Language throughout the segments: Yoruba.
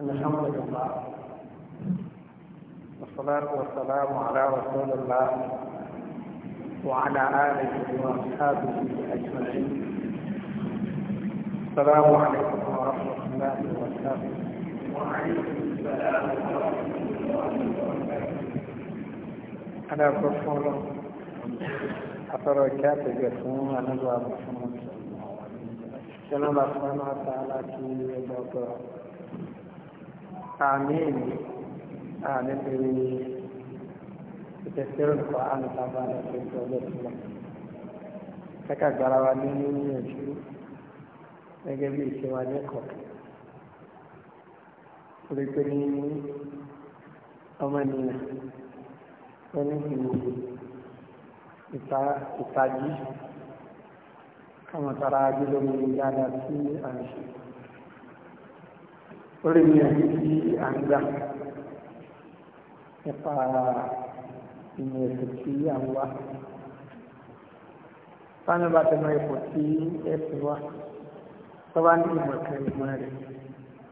أن الحمد لله والصلاة والسلام على رسول الله وعلى آله وأصحابه أجمعين السلام عليكم ورحمة الله وبركاته وعليكم السلام ورحمة الله وبركاته أنا بفضل أتركات الجسوم أنا بفضل sọlọ́mà fún àtà láti ẹgbẹ́ ọ̀pọ̀ àmín àmín pẹ̀lú ìtẹ̀sẹ̀ olùkọ́ àmìtàbà àti ìtọ́ ọlọ́sùnmọ́ kẹ́kà gbára wa ní níyànjú gẹ́gẹ́ bí ìṣe wa lẹ́kọ̀ọ́ torí pé ní ọmọ ènìyàn ó ní ìtají ọmọ tara agbélé mi dáadáa tí a ń ṣe orí mi àti tí a ń gbà nípa ìmọ̀ ẹ̀sìn tí a ń wá fáwọn bá tẹnu ẹ̀kọ́ tí ẹ̀sìn wá tó bá ní ìmọ̀ kan ìmọ̀ rẹ̀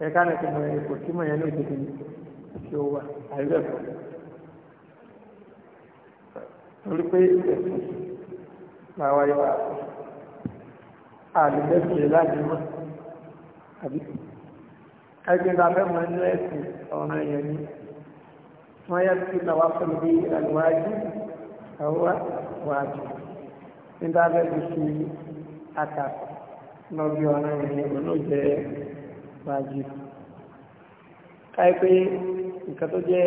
ẹ̀ka náà tẹnu ẹ̀kọ́ tí mọ̀ yẹn ló dìde tí ó wà àìlẹ́kọ̀ọ́ torí pé ẹ̀sìn làwọn yóò wà fún un àlùbẹ́sẹ̀ láti mọ́ àbí ẹgbẹ́ta fẹ́mọ̀ inú ẹ̀sìn ọ̀ràn èèyàn ni wọ́n yẹ kí lọ́wọ́ pẹ̀lú bí àlùwájú àwọ́ wájú nígbà bẹ́ẹ̀ fi àtàkùn lọ bí ọ̀ràn èèyàn ló jẹ́ wájú káyé pé nǹkan tó jẹ́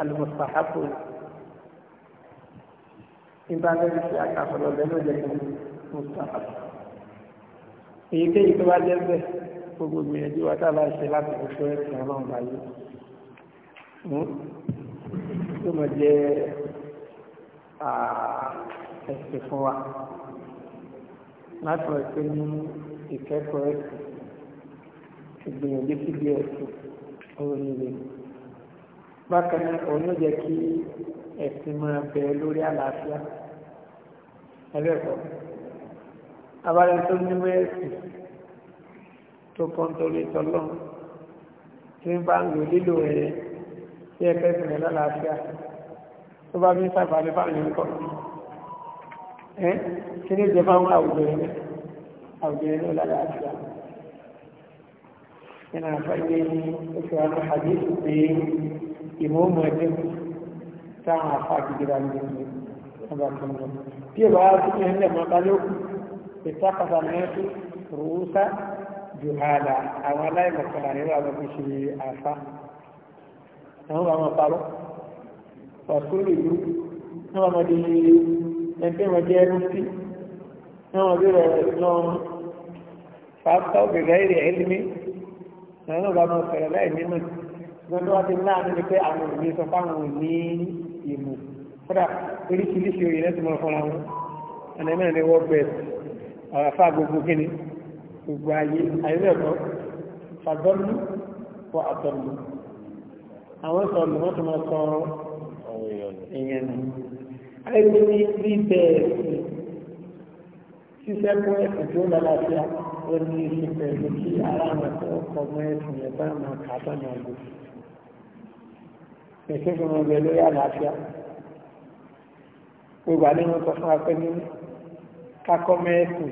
àlùmọ̀sàhápò nígbà bẹ́ẹ̀ fi àtàkùn lọ ló jẹ́ mọ̀sàhápò èyíkéyìí tó bá jẹ́ bẹ́ẹ̀ gbogbo gbìyànjú wa tá a bá ṣe láti ọjọ́ ẹ̀sìn ọlọ́run báyé tó mọ̀ jẹ́ ẹ̀sìn fún wa láti rẹ̀ pé ní ìkẹ́kọ̀ọ́ ẹ̀sìn ìgbìyànjú sí bí ẹ̀sìn òun nílé bákan náà òun yóò jẹ́ kí ẹ̀sìn máa bẹ lórí àlàáfíà ẹlẹ́kọ̀ọ́ abáyọ tó ní wẹ́ẹ̀sì tó kàn torí tọ́lọ́ tí ń bá ń lò lílò ẹ̀yẹ tí ẹ kẹ́sì rẹ̀ lálàáfíà tó bá bí ń sàbàlẹ̀ bá ní nǹkan ẹ́ kí ní ìjọba ń àwùjọ ẹ̀yẹ àwùjọ ẹ̀yẹ lálàáfíà yana fage اتخذ الناس رؤوسا جهالا àwọn aláìmọ̀kànlá nínú àwọn tó ṣe àfá àwọn bá wọn parọ́ ọ̀sùn ìlú ní wọn di ẹgbẹ́ wọn jẹ́ mufti ní wọn bí rẹ̀ lọ fàáfà òbẹ̀rẹ̀ èrè ẹlẹ́mí àwọn bá wọn sọ̀rọ̀ láì nínú ṣùgbọ́n tí wọ́n ti láàánú ni pé àwọn òní sọ fáwọn òní ìmù kódà oríṣiríṣi òye lẹ́sìn mọ́ fọ́nra wọn ẹ̀nẹ́mẹ́rin ni wọ́n bẹ̀rẹ̀ ọ̀rọ̀ fà gbogbo kíni gbogbo ayé ayélujára fàdọ́lù fọ àtọ̀lù àwọn sọ̀lù wọ́n tó máa sọ èèyàn nù. ayélujára ní bí bẹ́ẹ̀ ṣiṣẹ́ fún ẹ̀sìn tó lálàáfíà ó ní í ṣe pẹ̀lú kí ara wọn tó kọ̀ mọ́ ẹ̀sìn yẹn bá máa kà á bá máa lò. ẹ̀sìn lórí àlàáfíà gbogbo àdéhùn sọ fún akẹ́ni kakọ́ mẹ́ẹ̀kù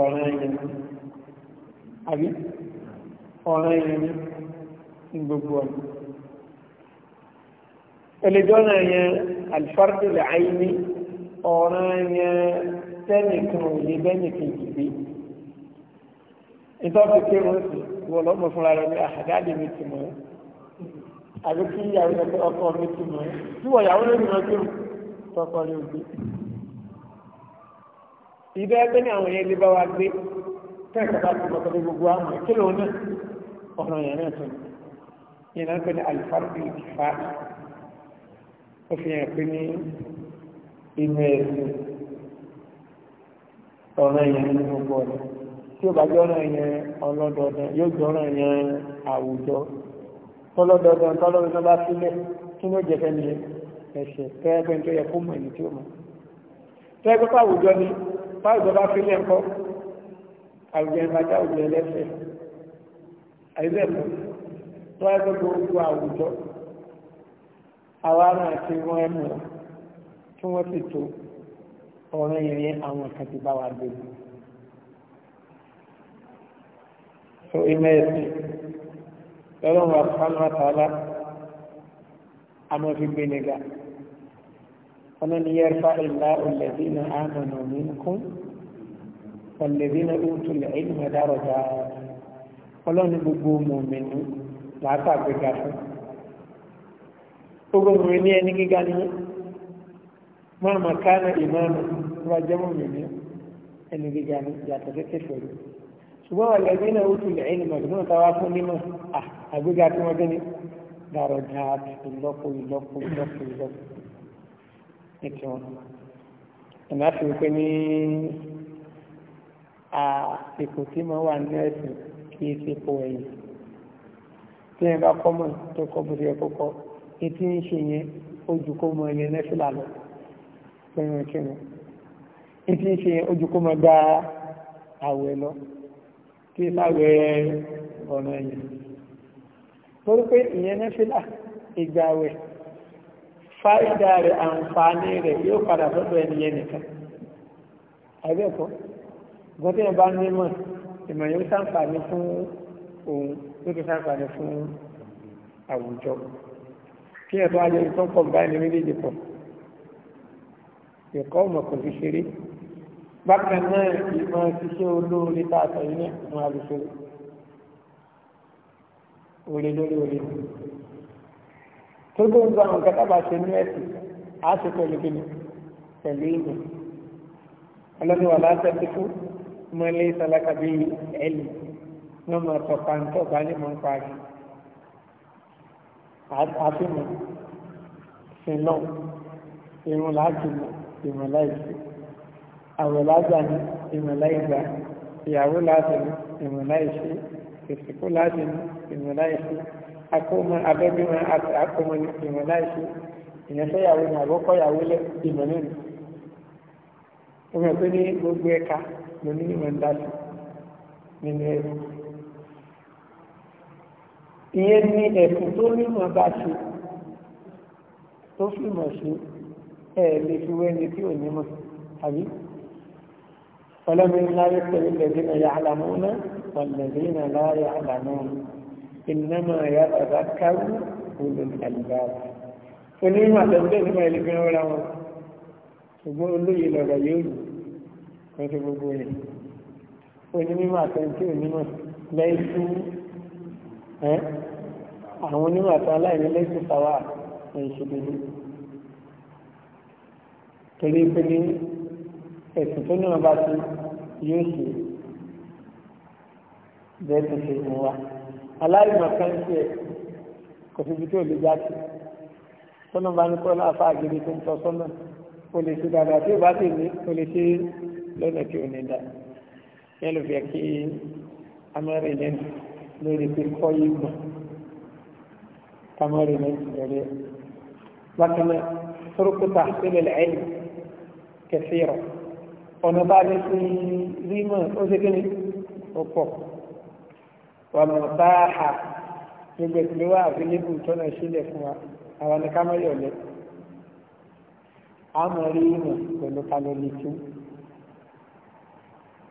ọ̀ràn ẹ̀yẹn ni àbí ọ̀ràn ẹ̀yẹn ni ní gbogbo ọ̀nà ẹlẹ́jọ́nà ẹ̀yẹn alifárdìlẹ̀ àìní ọ̀ràn ẹ̀yẹn tẹ́nìkan òye bẹ́nìkan jìbí ìtọ́sí pé wọ́n sì wọ́n lọ́mọ fúnra rẹ̀ ní àdáde mi ti mọ̀ ẹ́ àbí kí ìyàwó ọkọ mi ti mọ̀ ẹ́ tí wọ́n yàwó lórí mọ́ kí tọkọ rẹ̀ òbí ìbẹ́ ẹgbẹ́ ní àwọn yẹn lè bá wa gbé fẹ́ẹ̀kọ́ bá ti mọ̀tọ́ gbogbo àwọn ìkílò náà ọ̀nà yẹn náà tó yẹn náà pẹ̀lú alifárúkì ìfà ó fi hàn pé ní inú ẹ̀sìn ọ̀nà yẹn ní gbogbo ọ̀nà tí ó bá jẹ́ ọ̀nà yẹn ọlọ́dọọdún yóò jẹ́ ọ̀nà yẹn àwùjọ tọ́lọ́dọọdún tọ́lọ́dọọdún bá sílẹ̀ kí ló jẹ́ fẹ́ ni ẹ̀ṣẹ̀ tẹ́ẹ̀gbẹ́ yẹ báyìí bọ́ bá fi lẹ́ ńkọ́ àwùjọ ìbàjá àwùjọ ẹlẹ́sẹ̀ àìlẹ́kọ̀ tó wáyé gbogbo gbogbo àwùjọ àwa náà ti wọ́n ẹnu rẹ̀ tí wọ́n sì tó ọ̀rọ̀ ìrìn àwọn kan ti bá wa dé. so ìmọ̀ ẹ̀sìn lọ́lọ́run wa sánú àtàlá a máa fi gbé nígbà. ومن يرفع الله الذين آمنوا منكم والذين أوتوا العلم درجات ọlọ́run gbogbo mọ̀mìnú látàgbéga fún gbogbo mọ̀mìnú ní ẹni gíga ní máa ma ká ní ìmáàmù tó bá jẹ́ mọ̀mìnú ẹni gíga ní yàtọ̀ tẹ́tẹ́ fẹ̀rẹ̀ ṣùgbọ́n wà lẹ́bí náà ó tulẹ̀ ẹni mọ̀ ṣùgbọ́n táwa fún nímọ̀ àgbéga tí wọ́n gbé ní dàrọ̀ dáa ìlọ́pọ̀ ìlọ́pọ̀ ìlọ́pọ̀ ìlọ́pọ̀ ní tiwọn ẹ̀nà fi wípé ní àsìkò tí mo wà ní ẹ̀sìn kí é sípò ẹ̀yìn tí ẹ bá kọ́ mọ̀ tó kọ́ bó ti yẹ kó kọ́ etí ń ṣe yẹn ojú kó mọ ẹyẹ nẹ́fìlà lọ pẹ̀lú ìkírun etí ń ṣe yẹn ojú kó mọ gba àwẹ̀ lọ kí láwẹ̀ ọ̀nà ẹ̀yìn torí pé ìyẹn nẹ́fìlà ìgbà àwẹ̀ fáìdà rẹ̀ àǹfààní rẹ̀ yóò padà sọ́dọ̀ ẹniyẹn nìkan àìbẹ́ẹ̀kọ́ gọ́tẹ́ ẹ̀ bá nímọ̀ ìmọ̀ yóò ṣàǹfààní fún òun yóò tó ṣàǹfààní fún àwùjọ kí ẹ̀ tó wáyé ìtàn pọ̀ báyìí ní méjèèjì pọ̀ ẹ̀kọ́ ọmọ kò fi ṣeré bákan náà ìmọ̀ ṣiṣẹ́ olóore tá a sọ yìí náà fún àlùfẹ́ òrè lórí òrè tó gbóhùn tó àwọn kẹta bá ṣe ní ẹ̀sìn á ṣe pẹ̀lú kí ni pẹ̀lú ìmọ̀ ọlọ́dún wà láti ẹ̀sìn fún ọmọ ilé ìsàlákà bí ẹ̀lì ní ọmọ ọ̀tọ̀ pàǹtọ̀ bá ní mọ̀ ń parí àfihàn sílọ̀ irun láti mọ̀ ìmọ̀ láìsí àwẹ̀ lágbà ní ìmọ̀ láìgbà ìyàwó láti ní ìmọ̀ láìsí ìsìnkú láti ní ìmọ̀ láìsí akómọ abẹ́bímọ akómọ ìmọ̀ láìsí ìyẹnfẹ́yàwó ní àbọ́kọ́yàwó lẹ ìmọ̀ nínú ọmọ pé ní gbogbo ẹ̀ka ló ní ìmọ̀ ń dásí nínú ẹ̀rọ ìyẹn ní ẹ̀sùn tó nímọ̀ bá ṣe tó fìmọ̀ ṣe ẹ̀ lè fi wẹ́ni tí ò nímọ̀ àbí ọlọ́mọ ńlá yóò pẹ̀lú lẹ́dínà yà á làmúná wọ̀n lẹ́dínà láyà á ìnáma ya tàbá káwù olùn àlùbáàbù onímọ̀ àtẹ̀sílẹ̀ ní máa ilẹ̀gbẹ́ ọ̀rá wọn ṣùgbọ́n olóyè lọ́rọ̀ yóò lù wọ́n ti gbogbo rẹ̀ onímọ̀ àtẹ̀sílẹ̀ onímọ̀ lẹ́sù àwọn onímọ̀ àti aláìní lẹ́sù sáwà ìṣòdodo torí pé ní ẹ̀sùn tó ní wọn bá ti yóò ṣe bẹ́ẹ̀ tó ṣe mú wa aláìmọ̀kan ṣe kò síbi tí ò lè jáde tọ́nà bá ní kọ́lá afá àgbèrè tó ń tọ́ sọ́nà o lè ṣe dáadáa tí o bá sì ní o lè ṣe lọ́nà tí o ní dá yẹn ló fẹ́ kí amẹ́rin lórí pé kọ́ yìí gbọ́ kamẹ́rin lórí ẹ̀ bákan turukuta sílẹ̀ ẹ̀yìn kẹfì ọ̀nà bá ní sí rímọ̀ ó ṣe kí ni ó pọ̀ wàmọ̀ báà gbogbo ìpínlẹ̀ wà àbílẹ́bù tọ́nà sílẹ̀ fún wa àwọn ni ká mọ́ yọ̀lẹ́ a mọ̀ rí ìmọ̀ pẹ̀lú kalọ̀lì tó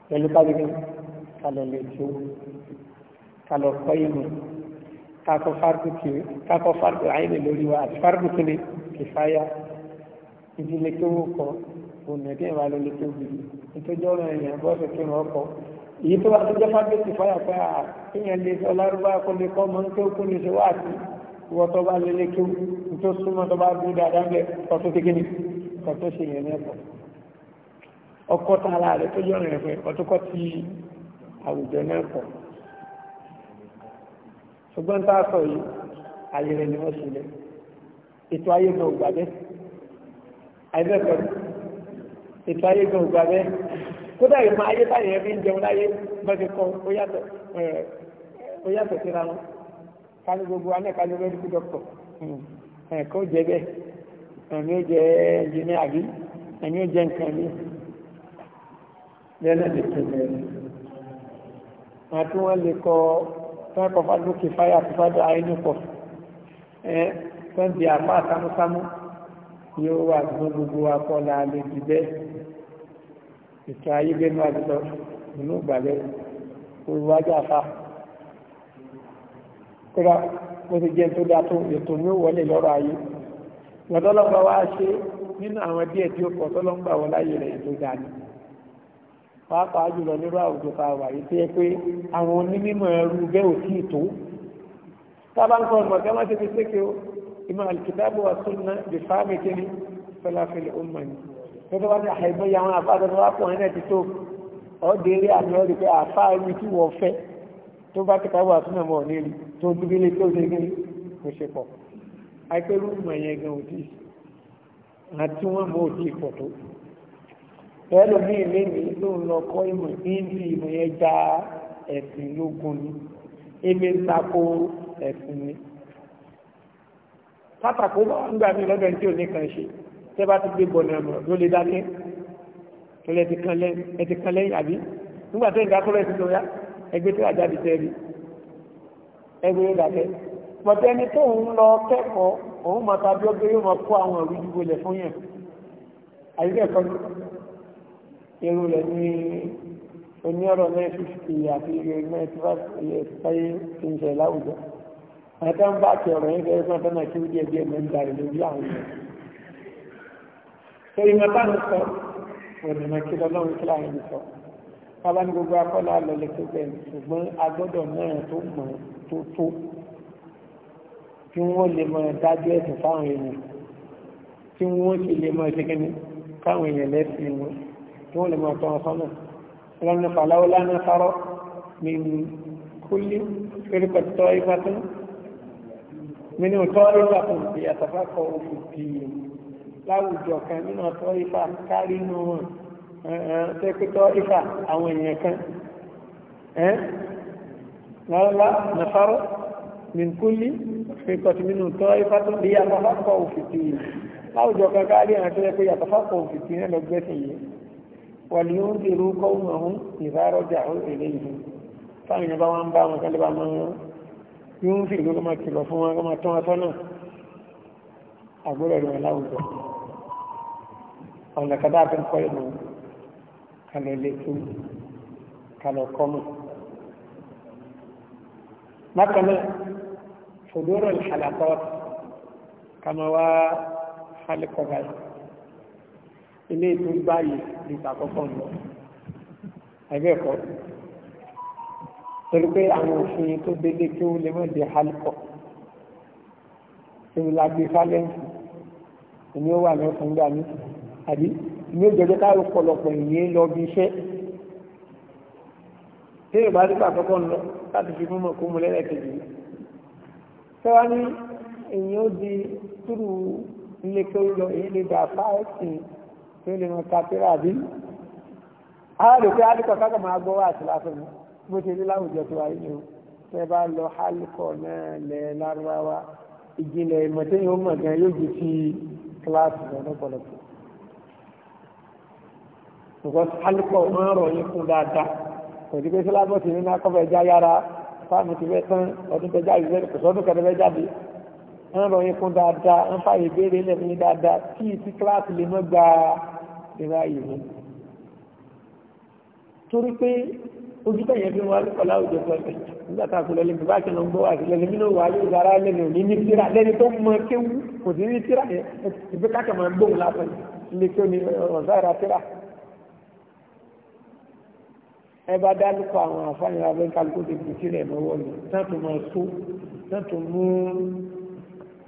pẹ̀lú kalọ̀lì kalọ̀lì tó kalọ̀kọ́ ìmọ̀ kakọ̀ fardu àìní lórí wa àti fardu kìíní kìfáyà ìdílé tó wù kọ́ òun ẹ̀dẹ́ ìwà lórí tó bìí ìtọ́jọ́ ọ̀rọ̀ ẹ̀yàn bọ́ọ̀sì kí wọ́n kọ́ èyí tó bá tó jẹ́ fábẹ́tì fáyà pé à ah, kíyàn lè sọ lárúbá kó lè kọ́ mọ́ nítorí kó lè ṣe wá sí wọ́n tó bá lélẹ̀ kí n tó súnmọ́ tó bá bú dáadáa bẹ́ẹ̀ kọ́ tó ti gíní kọ́ tó ṣe yẹn lẹ́kọ̀ọ́ ọkọ̀ tá ara rẹ̀ tó yọ̀rìn rẹ̀ pé ọtúkọ́ ti àwùjọ náà pọ̀ ṣùgbọ́n tá a sọ yìí ayé rẹ̀ ni wọ́n ṣe lẹ̀ ètò ayé gan ògbà bẹ́ẹ̀ ayé bẹ́ẹ̀ kódà ìmọ̀ ayé táyẹ̀ fi ń jẹun láyé bẹ́ẹ̀ kọ́ ó yàtọ̀ síra wọn kálí gbogbo wa náà kálí mẹ́díkù dọ́kítọ̀ hmm. ẹ̀kọ́ jẹ bẹ́ẹ̀ ẹ̀mí ó jẹ ẹnjìníà àbí ẹ̀mí ó jẹ nǹkan mi lẹ́nà lè tó bẹ̀rẹ̀ àti wọ́n lè kọ tọ́kọ̀ fádókè fáyà tó fádó àínú pọ̀ ẹ̀ tọ́ndì àpá àtàmúsámú yóò wà gbogbo akọ́lá lè jù bẹ́ẹ̀ ìtọ́ ayégbénú àgbẹ̀tọ́ nínú ìgbàlẹ̀ olùwájú àfà kódà mo ti jẹ́ tó dá tó ètò ní òwọlé lọ́rọ̀ ayé lọ́dọ́lọ́gbà wá ṣe nínú àwọn díẹ̀ tí ó pọ̀ tọ́lọ́gbà wọ láyé rẹ̀ ètò dání pàápàá jùlọ nírú àwùjọ ta wà yìí tó yẹ pé àwọn onímọ̀ ẹrú bẹ́ẹ̀ ò tíì tó tábà ń kọ́ ọmọ kí wọ́n ti fi sékè o ìmọ̀ àlùkìtàbù wa sunna bí fáàmì kiri fẹ́láfẹ́lẹ́ ó mọ̀ ní tọ́tọ́ bá ní àìmọ́ ya wọn àbá tọ́tọ́ bá pọ̀ ẹ̀nà ti tó ọdẹ eré àmì ọdẹ pé àfá ẹni tí wọ́n fẹ́ tó bá ti káwọ́ àtúnà mọ̀ ní rí tó ń dúdú lé tó ṣe gé kò ṣe pọ̀ àìpẹ́rú ìmọ̀ yẹn gan òdì àti wọ́n mọ̀ òdì pọ̀ tó ẹlò ní ilé mi ló ń lọ kọ́ ìmọ̀ ìdí ìmọ̀ yẹn já ẹ̀sìn lógun ni èmi ń tako ẹ̀sìn ni pátákó bá ń gbà mí lọ́dọ̀ tí ò ní kan ṣe tẹ́ bá ti gbé bọ̀nà ọ̀nà ló lè dákẹ́ tẹ́lẹ̀ ti kan lẹ́yìn àbí nígbà tẹ́ ìgbà kọ́lẹ̀ ti lọ́yà ẹgbẹ́ tó àjáde tẹ́ rí ẹgbẹ́ ló dákẹ́ pọ̀tẹ́ ẹni tó ń lọ kẹ́kọ̀ọ́ òun mọ̀ tàbí ọgbẹ́ yóò mọ̀ kó àwọn ìwé ìdìbò lẹ̀ fún yẹn àyíkẹ́kọ̀ọ́ irú rẹ̀ ní oní ọ̀rọ̀ mẹ́fìfì àti ilé mẹ́tìfáyé ti ń ṣe láwùjọ àti àwọn bá ti ọ̀rọ̀ yẹn fẹ́ẹ́ fún ọ̀tọ́ náà kí ó díẹ̀ díẹ̀ mẹ́ta rẹ̀ lórí àwọn ènìyàn sọ ìmọ̀ bá ń sọ ònìmọ̀ kí lọ́lọ́run kí láàrin sọ bàbá ní gbogbo akọ́lá lọlẹ̀ tó bẹ̀ ṣùgbọ́n agbọ́dọ̀ náà tó mọ̀ tó tó tí wọ́n lè mọ̀ dájú ẹ̀sùn fáwọn èèyàn tí wọ́n sì lè mọ̀ ṣẹ́kẹ́ni fáwọn èèyàn lẹ́sìn wọn tí wọ́n lè mọ̀ tọ́ sọ́nà ọlọ́run fàlàwọ́ lánàá sárọ́ min kulli firqat ta'ifatun min ta'ifatun yatafaqahu fi din láwùjọ kan nínú ọ̀tọ́ ifá kárí inú wọn tẹ́kítọ́ ifá àwọn èèyàn kan ẹ́n lọ́lá nàfárọ́ nìkúlí fíkọtí nínú tọ́ ifá tó bí àtàfàkọ̀ òfìtì yìí láwùjọ kan kárí àwọn tẹ́lẹ̀ pé àtàfàkọ̀ òfìtì náà lọ́gbẹ́sìn yìí wàlí ó ń dèrú kọ́wùmọ̀ ọ̀hún ìbárọ̀jà ó èlé yìí táwọn èèyàn bá wọn bá wọn kálíbà máa yóò ń fi ìlú kọ́ máa rẹ̀ láwùjọ ọ̀nà kan dáa fi ń kọ́ ìmọ̀ kalọ̀ lẹ́tú kalọ̀ kọ́mù bákanáà fòdóró ìhàlàkọ́ kama wá hálẹ́kọ́ báyìí ilé ìtú báyìí ní ìtàkọ́kọ́ lọ ẹgbẹ́ ẹ̀kọ́ torí pé àwọn òfin tó délé kí ó lè mọ̀ dé hálẹ́kọ́ tí ó lágbé fálẹ́ǹsì ìní ó wà lọ́sàn-án gbà mí àbí ní ìjọba ká ọ̀pọ̀lọpọ̀ ìyẹn lọ bí iṣẹ́ tí ìbá rí pàtàkọ́ ń lọ láti fi múmọ̀ kó mu lẹ́lẹ́kejì tẹ́wá ní èyí ó di túrù ilé pé lọ èyí lè dà fáìsì tí ó lè mọ kàtírà àbí aláàdò pé alùpàá kákà máa gbọ́ wá àti lásán ni bó ṣe rí láwùjọ tó wáyé ni o tẹ́ bá lọ alùpàá náà lẹ̀ lárúbáwá ìjìnlẹ̀ ìmọ̀tẹ́yìn ó mọ̀ gan yóò ju ti kíláàsì lọ́pọ̀lọpọ̀ ṣùgbọ́n alùpọ̀ máa ń rọ̀yìn fún dáadáa kò sí pé sílábọ̀sì nínú akọ́fẹ́ já yára fáàmù ti fẹ́ tán ọdún tẹ jáde lẹ́nu kò sọ́dún kẹtẹ fẹ́ jáde ń rọ̀yìn fún dáadáa ń fa ìbéèrè ilẹ̀ fún yín dáadáa kí ti kíláàsì lè mọ́ gba ìrà ìlú. torí pé ojú tẹ̀yẹ̀ fi wọn alùpọ̀ láwùjọ tó ẹ̀ nígbà tá a kò lọ́lẹ́ bíbá kìnnà ń gbọ́ àti lẹ́lẹ́ mí náà wà yóò dára lẹ́nu òní ní tíra lẹ́ni tó mọ kéwú kò sí ní tíra yẹn ìgbé kákẹ́ máa gbóhùn lásán ilé kí ó ní ọ̀sán ìra tíra ẹ bá dálùkọ àwọn àfáàyàn abẹ́ kálukú ti fi sílẹ̀ lọ́wọ́ ni tẹ́tù máa tó tẹ́tù mú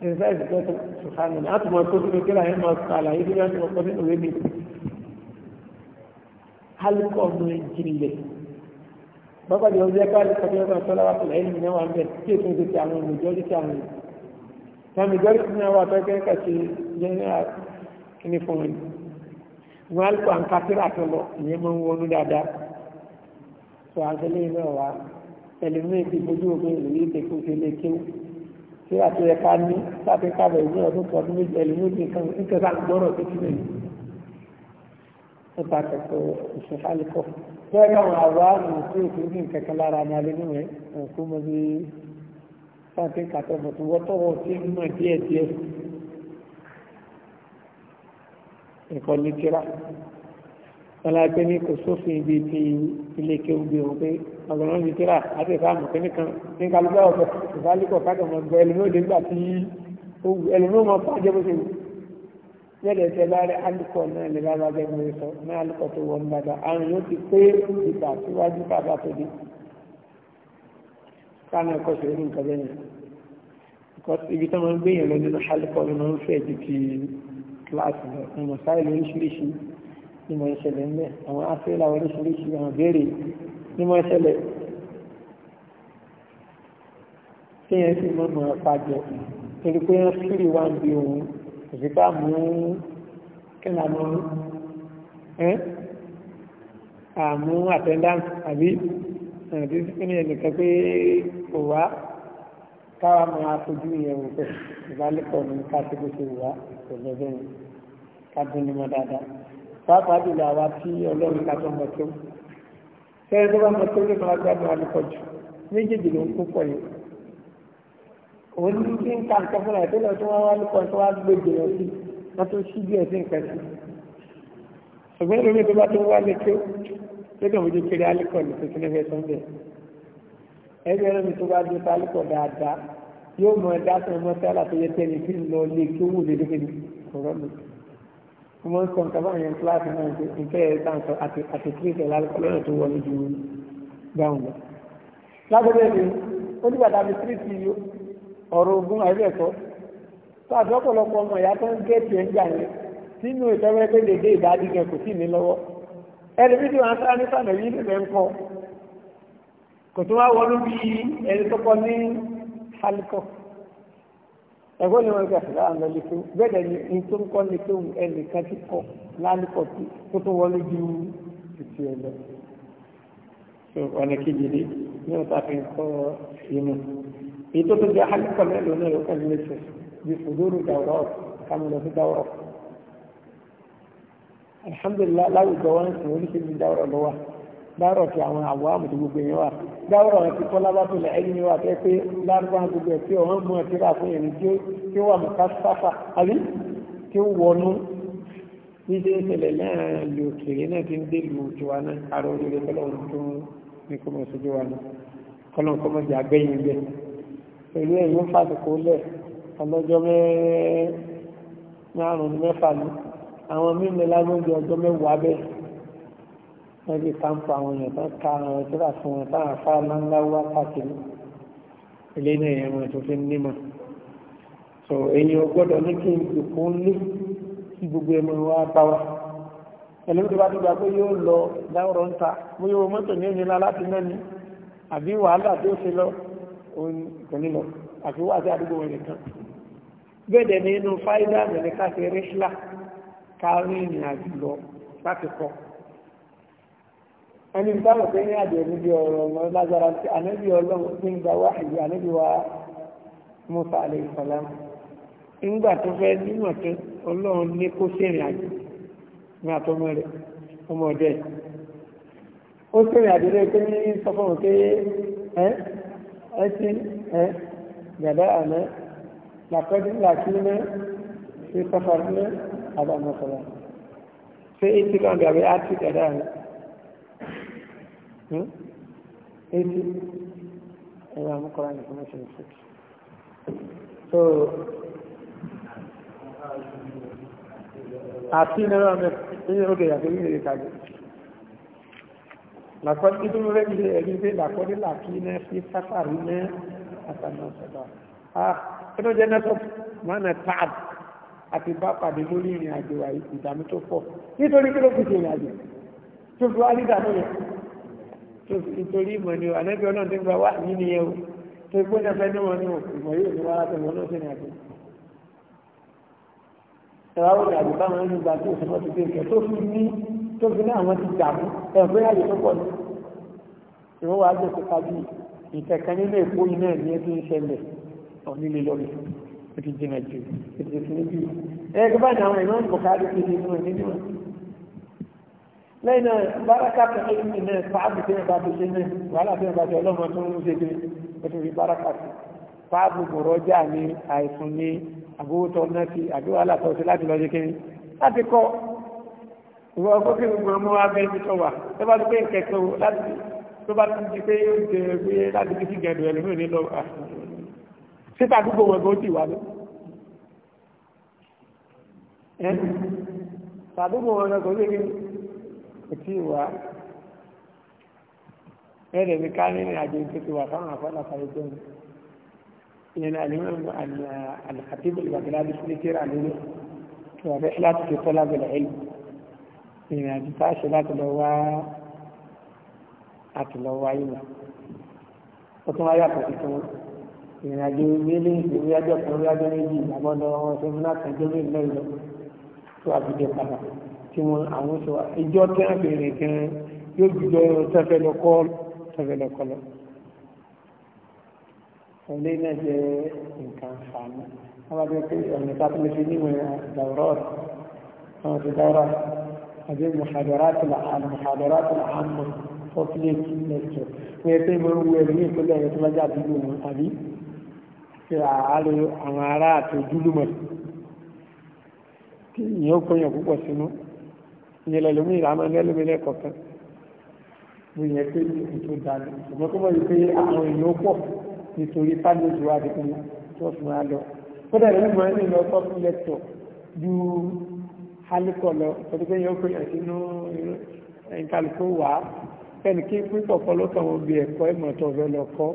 ẹ̀fẹ́sì tẹ́tù sùkánù ní àtùmọ̀ tó tó kékeré àyẹ̀ máa sọ àlàyé tó yá tó kọ́ sínú rẹ̀ mi. kálukọ̀ ọmọ ìjìnlẹ̀ bàbá yóò jẹ́ kálukọ̀ tó yẹ kó sọ́lá wa tó lẹ́yìn mi náà wà ń bẹ̀ tí èso ti ti àwọn ìmọ̀jọ́ ti ti àwọn ìmọ̀. tàbí ìjọ́ ti náà wà tó kẹ́ kàṣe jẹ́ ní sọ abẹ́lé náà wá ẹlòmíì ti fojú omi ìlú ìtẹ̀kùn ṣe lè kéwù tí wàá tó yẹ ká ní láti kábẹ̀ ìwé ọdún kan ọdún méjì ẹlòmíì ti kan nítorí ká gbọ́rọ̀ tó ti lẹ́yìn nípa kẹ̀kọ́ ìṣẹ̀fálẹ́kọ̀ tó yẹ káwọn àwa òkú òkú ní kẹ̀kẹ́ lára ní alẹ́ nínú ẹ̀ òkú mọ́ bí sáńtì kàtọ́ bọ̀ tó wọ́tọ́wọ́ tí ń mọ̀ díẹ̀díẹ̀ ẹ̀kọ́ tọ́lájẹ́ ní kò sófin ibi ti ilé kí oúnjẹ òun pé ọ̀gọ̀rọ̀ ní tíra àti ìfàmù kí nìkan ní kálukọ́ ọ̀sẹ̀ ìfàlùkọ̀ kákàmọ̀ gbọ́ ẹlòmíràn lè gbà tí ẹlòmíràn máa fàájẹ́ bó ṣe wù yẹ́dẹ̀ tẹ bá rí alùkọ̀ náà lè bá jẹ́ mi sọ náà alùkọ̀ tó wọ́n bàbá àrùn yóò ti pé ìgbà síwájú bàbá tó dé káàmù ẹ̀kọ́ ṣe orí nǹkan bẹ́ẹ̀ ibi tó máa ń gbé yẹn lọ nínú alùkọ̀ ló máa ń fẹ́ ju ti kíláàsì lọ ọmọ sáyẹ̀ lóríṣiríṣi ní mọ̀ ìṣẹ̀lẹ̀ ńlẹ̀ àwọn afẹ́lá oríṣiríṣi àwọn béèrè ní mọ̀ ìṣẹ̀lẹ̀ tí yẹn sì mọ̀ mọ̀ pàjọ torí pé wọ́n fìrì wá ń bi òun kò mú kẹ́nà mọ́ àmú attendance àbí ẹ̀rọ̀dí sí ní ẹnìkan pé kò wá káwa máa fojú ìyẹn wò pẹ̀ ìbálòpọ̀ ní ká tó bó ṣe wà kò lọ bẹ́ẹ̀ ká dún ní mọ́ dáadáa pàápàá jùlọ àwa tí ọlọ́run ká tó mọ̀ tó sẹ́yìn tó bá mọ̀ tó lè máa gbádùn àlùkò jù méjèèjì ló ń kó pọ̀ yìí òun ní kí n ka nǹkan fúnra ẹ̀ tó lọ tó wá wá lùkọ́ tó wá gbé jùlọ sí wọ́n tó ṣí díẹ̀ sí nǹkan sí ṣùgbọ́n ìlú mi tó bá tó wá lé tó tó tó mojú kiri àlùkò ní tuntun ní fẹsọ̀ ńbẹ ẹgbẹ́ rẹ̀ mi tó bá dé àlùkò dáadáa yóò mọ ẹ̀dá tó mọ sálà tó yẹ tẹ́ni kí n lọ lé kí ó wù lé lókè ní ọ̀rọ̀ mo máa ń sọ nǹkan báyẹn kíláàsì náà pé nǹkan ẹ̀ tá à ń sọ àti kírísì ẹ̀ lọ́nà tó wọlé ju gbàùn lọ. lábẹ́lẹ́ ni ó ní bàtà mi kírísì ọ̀rọ̀ ogun àìbẹ̀kọ́ tó àti ọ̀pọ̀lọpọ̀ ọmọ ìyá tó ń gẹ̀ẹ́tì ẹ̀ ń gbà yẹn sínú ìtọ́wẹ́ pé dédé ìdádì kan kò sí mi lọ́wọ́ ẹni bí wọn sáré sànà yìí nílẹ̀ ń kọ kò tó wá wọnú bí ẹni tó kọ ní halikọ́pù ẹ̀gbọ́n ni wọ́n gbà fún àwọn ọmọ lẹ́kọ́ bẹ́ẹ̀ ni n tó ń kọ́ lẹ́kọ́ ẹnìkan ti kọ́ lálùkọ́ tó tó wọlé ju títí ẹ lọ. tó ọ̀nà kejì ni ní ọ̀tá fi ń kọ́ inú. èyí tó tó jẹ́ alùpọ̀ mẹ́lòó náà ló kàn lè sọ bí fòdóró dàwọ́ kàmú lọ sí dàwọ́. alihamdulilayi láwùjọ wọn sì wọ́n ní kí n dàwọ́ lọ́wọ́ dàwọ́ fi àwọn àwọn àmọ̀ gbogbo dáwọ́rọ̀ àti kọ́lábàtò lẹ̀ ẹni wà tẹ́ pé lárúbá gbogbo ẹ̀ tí ọ̀hán mú ẹ̀tí rà fún ẹ̀rí tí ó wà mọ̀ká sáfà àbí tí ó wọnú ní ṣe ìṣẹ̀lẹ̀ láàrin ìlú òkèèrè náà ti ń dé ìlú tiwa náà àrò orílẹ̀ tọ́lọ́run tó ní kó mọ̀ sójú wa náà kọ́lọ́n kọ́mọ́ jẹ́ àgbẹ̀yìn bẹ́ẹ̀ pẹ̀lú ẹ̀yìn fàtìkó lẹ̀ ọlọ́jọ́ márùn-ún mẹ́fà ní àwọn mímẹ́ lágbóńjẹ ọjọ́ mẹ́wàá bẹ́ẹ̀ wọ́n lè pàǹpù àwọn èèyàn tó ka àwọn tó bá fún wọn táwọn afá ńláńlá wá káàkiri ilé náà yẹn wọn tó fi nímọ̀ so èyí ò gbọ́dọ̀ ní kí n kò ní kí gbogbo ẹmọ wa bá wa ẹlẹ́mi tó bá dìgbà pé yóò lọ dáwọ̀rọ̀ ń ta mo yóò mọ́tò ní ìnira láti mẹ́ni àbí wàhálà tó ṣe lọ kò ní lọ àfi wà sí àdúgbò wọn nìkan bẹ́ẹ̀ dẹ̀ ní inú fáìlì àmì ẹni báwọn pé ní àjẹ́ níbi ọ̀rọ̀ ọmọ lágbára tí ànábì ọlọ́run tí ń gba wáhìí ànábì wa Musa alayhi salam ńgbà tó fẹ́ nímọ̀ tó ọlọ́run ní kó sẹ́rìn àjò ní àtọmọ rẹ̀ ọmọ ọ̀dẹ́ ó sẹ́rìn àjò rẹ̀ pé ní sọ fún òun pé ẹ ẹ ti ẹ gàdá àná làkọ́jú làkí ná ṣe sọ́fà ná àbámọ́sọ̀rọ̀ ṣé ètí kan gàbẹ́ á gàdá àná eighty ẹ̀rọ amúkọ́ra information six so àti ìnáwó àmì ẹ̀yẹ oge yàtọ̀ yìí lè kàgbé làkọ́dé tó rẹ̀ ní ẹ̀rí pé làkọ́dé làkí náà fi sáfàrí náà àtàná sọ̀tà ah ẹnu jẹ́ náà sọ̀tà máa nà tààdì àti bá pàdé lórí ìrìn àjò ìdààmú tó pọ̀ nítorí kí ló fi ṣe ìrìn àjò tó fi wá nígbà náà tó fi torí ìmọ̀ ni o ànábì ọlọ́run tó gba wá yí ni yẹ o tó gbó náà fẹ́ níwọ̀n ní ìmọ̀ yóò ní wàhálà tó lọ́nà sí ìrìnàjò. ẹ̀wá wò ní àbíká wọn nígbà tó fi wọ́n ti dé ìkẹ́ tó fi ní tó fi ní àwọn ti dààmú ẹ̀fọ́ yàgò tó pọ̀ ní. ìwọ́n wàá gbèsè kájú ìkẹ̀kẹ́ nínú èkó iná ẹ̀ ní ẹ ti ń ṣẹlẹ̀ ọ̀nílé lọ́rẹ̀ ó lẹ́yìn náà báraka tó ń ṣe náà fáàbù tí wọ́n bá ti ṣe náà wàhálà tí wọ́n bá ti ọlọ́mọ tó ń ṣe pé ó ti fi báraka sí fáàbù bọ̀rọ̀ jà ní àìsùn ní àbúrútọ̀ náà ti àbí wàhálà tó ṣe láti lọ jẹ́kẹ́ láti kọ́ ìwọ ọgọ́kẹ́ gbogbo ọmọ abẹ́ ní lọ kò tí ì wá ẹ̀rẹ̀ mi ká nínú àjò tó ti wà fáwọn afọ́láfà ẹgbẹ́ mi ìyẹn àlùmọ́ àlùkàtìbù ìgbàgbọ́láàbí sílé tíra lórí tó wà bẹ́ẹ̀ láti fi tọ́lá bẹ̀rẹ̀ ẹ̀lú ìrìn àjò tá a ṣe láti lọ wá àti lọ wá ìmọ̀ ó tún wáyé àpò tuntun ìrìn àjò nílé ìgbéwé ajọ́ kan orí ajọ́ méjì ìgbàgbọ́ lọ wọn ṣe láti ẹjọ́ méjì lọ́yìn lọ tó àbújẹ padà tí wọn àwọn sọ ìjọ tí wọn bèèrè gan yóò jùlọ tẹfẹlọkọ tẹfẹlọkọ lọ ilé náà jẹ nǹkan fàánù wọn bá bẹ pé ọ̀nà ìtàkùn lè fi níwọ̀n dàwọ́rọ̀ àwọn ti dàwọ́rọ̀ àbí mùhàdàrátì mùhàdàrátì àmà public lecture wọ́n yẹ pé mo ń wo ẹ̀rí ní ìpínlẹ̀ ẹ̀rọ tó bá jáde ìlú wọn àbí ṣe àárò àwọn ará àti ojúlùmọ̀ kí ìyẹn ó kọyàn púpọ̀ sínú ìyẹlẹ lómi ìlànà ẹlẹ́lómi lẹ́kọ̀ọ́kan mo yẹ pé ìlú tó dáa ní ṣùgbọ́n tó mọ̀ yìí pé àwọn èèyàn pọ̀ nítorí fáwọn oṣù wa dìkún tó fún wa lọ kódà ìlú mọ̀ ní lọ sọ fún lẹ́tọ̀ ju hálíkọ̀ lọ pẹ̀lú pé yẹn pé ẹ̀sìnú ìkàlùkù wà á fẹ́ni kí pípọ̀ kọ́ ló kàn wọ́n bí ẹ̀kọ́ ìmọ̀ tó fẹ́ lọ kọ́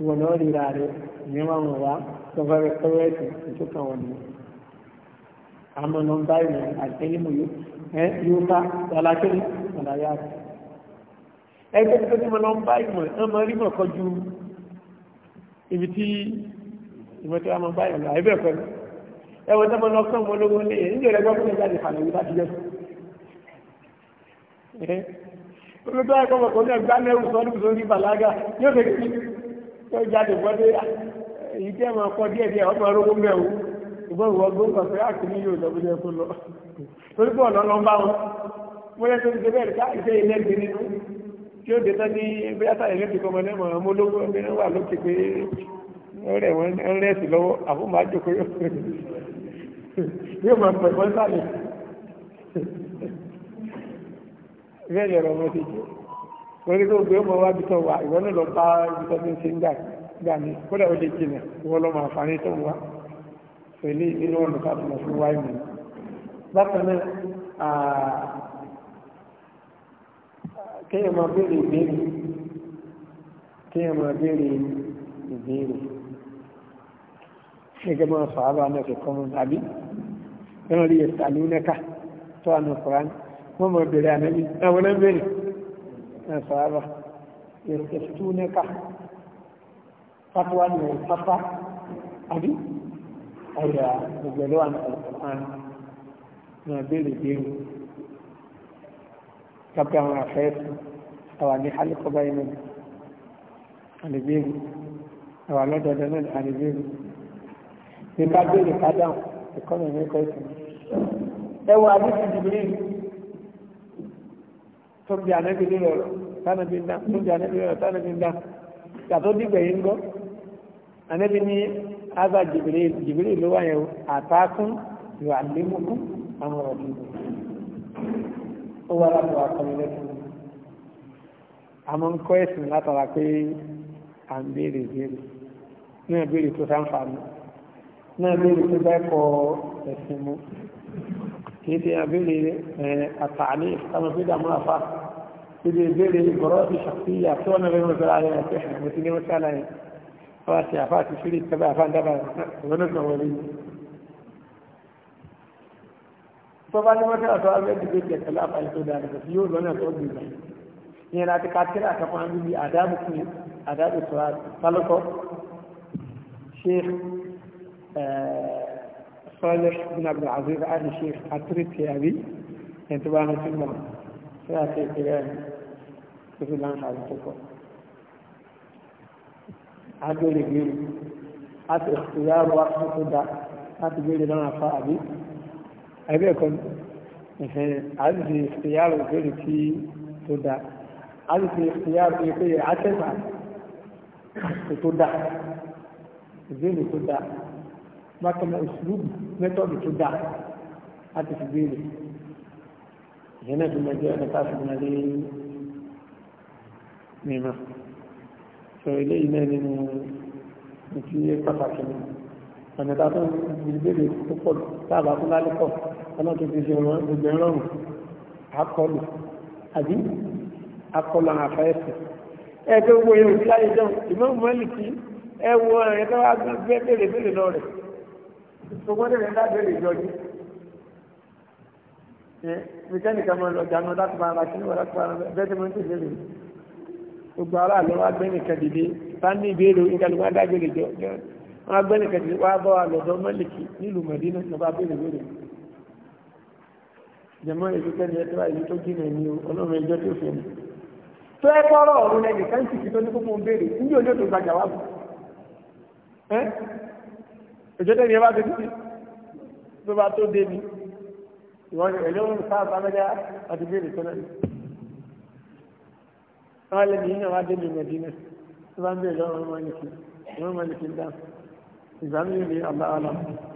ìwọ̀n náà ríra rẹ̀ ìyẹn wà wọ́n wá tó fẹ́ rẹ̀ kọ́rẹ́ẹ̀tì tó kàn wọ́n nìyẹn àmọ́ lọ bá ìrìn àtẹ́lẹ́mù yóò ká alákẹ́lẹ́ ọ̀láyà rẹ̀ ẹgbẹ́ tó tí mo lọ bá ìmọ̀ ọmọ rí mọ̀ kọjú ibi tí ìmọ̀ tí wọ́n mọ̀ bá ìrìn àìbẹ̀ ẹ̀kọ́ ni ẹwọ́n tó mọ̀ lọ kọ́ ọmọ olówó ní èyí níjọ́ ẹgbẹ́ fún ìjáde fàlẹ́ yìí láti jẹ́ olùdó ẹ̀kọ́ mọ̀ kọ́ ní ẹgbẹ́ mẹ́rù sọ́ọ́dún sórí bàlágà yóò fẹ́ kí ṣùgbọ́n ìwọ gbóǹkan pé àkíní yóò lọ bóyá kó lọ torí pé ọ̀nà lọ́n bá wọn bóyá tó ti ṣe bẹ́ẹ̀ ká ìṣe ilé gbé nínú tí ó dẹ́tọ́ ní bóyá táyà ilé ti kọ́mọ lẹ́mọ̀ ọmọ ológun ẹgbẹ́ wà lókè pé ọ̀rẹ́ wọn ń rẹ́ẹ̀sì lọ́wọ́ àfọ̀mọ́ àjòkó yóò máa pẹ̀ wọ́n sálẹ̀ bẹ́ẹ̀ lọ́rọ̀ wọn ti jẹ́ torí pé pẹ̀lú nínú ọ̀nà fàtìmọ̀ fún wáyé mi bákan náà kéèyàn máa béèrè ìbéèrè kéèyàn máa béèrè ìbéèrè gẹ́gẹ́ bọ́n sàábà náà fi kọ́ wọn àbí wọ́n rí ẹ̀sà ní nẹ́ka tó àná kùránì wọ́n mọ̀ bèèrè ànábì àwọn náà bèèrè náà sàábà ẹ̀sà tó ọ̀dà gbogbo ẹ̀lọ́ àti ọ̀kan náà béèrè béèrè kápẹ́ àwọn àfẹ́ẹ̀sì àwà ní alẹ́kọ̀ọ́bá inú àlèbéèrè àwà lọ́dọọdọ náà àlèbéèrè ní ká béèrè kádàmù ẹ̀kọ́ náà ní ẹ̀kọ́ ìsìn ẹwà àdúgbò jìbìrì tó bí ànẹ́bí lílọ tánàbí ńdá tó bí ànẹ́bí lílọ tánàbí ńdá yàtọ̀ dìgbẹ̀yìn gbọ́ ànẹ́bí ní ábà Jibril Jibril ló wáyé àtàkùn yóò àlémùkún àwọn ọ̀dọ́ ó wá látọ̀ akọni lẹ́sìn àmọ́ ń kọ́ ẹ̀sìn látara pé à ń béèrè béèrè náà béèrè tó sáǹfààní náà béèrè tó bá kọ ẹ̀sìn mu kìí ṣe àbẹ̀lẹ̀ àtàní táwọn fi dààmú àfa ibi ìbéèrè ìgbọ̀rọ̀ ìṣàkíyà tí wọ́n náà lè rìn lọ́sọ̀rọ̀ àyẹ̀wò tó ṣàkóso ní wọ́n ṣàlàyé fáti àfáàtì sírí ìtẹ́bẹ̀ àfáàdábà ìwọ́nàtọ̀ wọlé tó bá ní mọ́tí àtọ́ abẹ́dìgbé tẹ̀kẹ̀lá àfáàlì tó dáa nìkan yóò lọ́nà tó gbìn náà ìyẹn láti ká tíra àkọ́kọ́ ń bíbí àdábùkún àdábùkún sálọ́kọ́ sheikh صالح بن عبد العزيز آل الشيخ أتريتي أبي انتباهنا في المرة سيأتي كلام في الله عليه وسلم agbèrè gbèrè láti ìyá àrùn akókò dá láti gbèrè lọ́nà afá àbí ẹgbẹ́ ẹ̀kọ́ ìfẹ́ àti ìyá àrùn gbèrè tí tó dá àti ìyá àrùn pé àtẹ́sà tó dá ìbéèrè tó dá bákan ìṣubú mẹ́tọ́ọ̀dù tó dá láti fi ìyẹn náà fi máa jẹ́ ẹ̀ka fi máa lé mímọ́ sọ ilé iná nínú ìtí pàtàkì ní ọ̀nà tàbí ìgbèrè púpọ̀ tàbà fún lálẹ́kọ̀ọ́ ọ̀nà tó ti ṣe wọn gbogbo ẹ̀rọ̀rùn akọlù àbí akọlù àwọn àfẹ́ẹ̀sì ẹgbẹ́ owó yẹn òbí láyé jẹun ìmọ̀ mọ́lì kí ẹ wo ẹ̀rẹ́ tó wá gbé bèrè bèrè lọ rẹ̀ gbogbo ẹ̀rẹ́ dá bèrè jọjú mẹkẹ́nìkà máa lọ jàǹdà láti máa ra kí ní wà láti máa bẹ́ẹ̀ gbogbo ara lọ wá gbẹ́nìkan dìde bá ní ìbéèrè ìkàlù wá dágbére jọ wọ́n gbẹ́nìkan dìde wá bọ́ àlọ́dọ́ mọ́lìkì nílùú mọ̀dínà lọ́ba béèrè béèrè jẹmọ́ èyí tẹ́lẹ̀ ẹ̀tọ́ àìyí tó jìnà ní ọlọ́run ẹjọ́ tó fẹ́ mi tó ẹ kọ́rọ̀ ọ̀run ẹni kẹ́ǹtì kí tó ní kókó ń béèrè ní òní òtò gbajà wà bù ẹ́ ìjọ tẹ́lẹ̀ ẹ bá ti tó bá tó dé mi ìwọ́n ẹ̀lẹ́wọ̀n sáà sábẹ́dá àti béèrè tó náà wọ́n lé ní ìyẹn wá dé ní Mẹ́dínà tó bá ń bèèrè lọ́wọ́ wọn ní kí wọ́n mọ̀ ní kí dá ìgbà mi ní aláàlá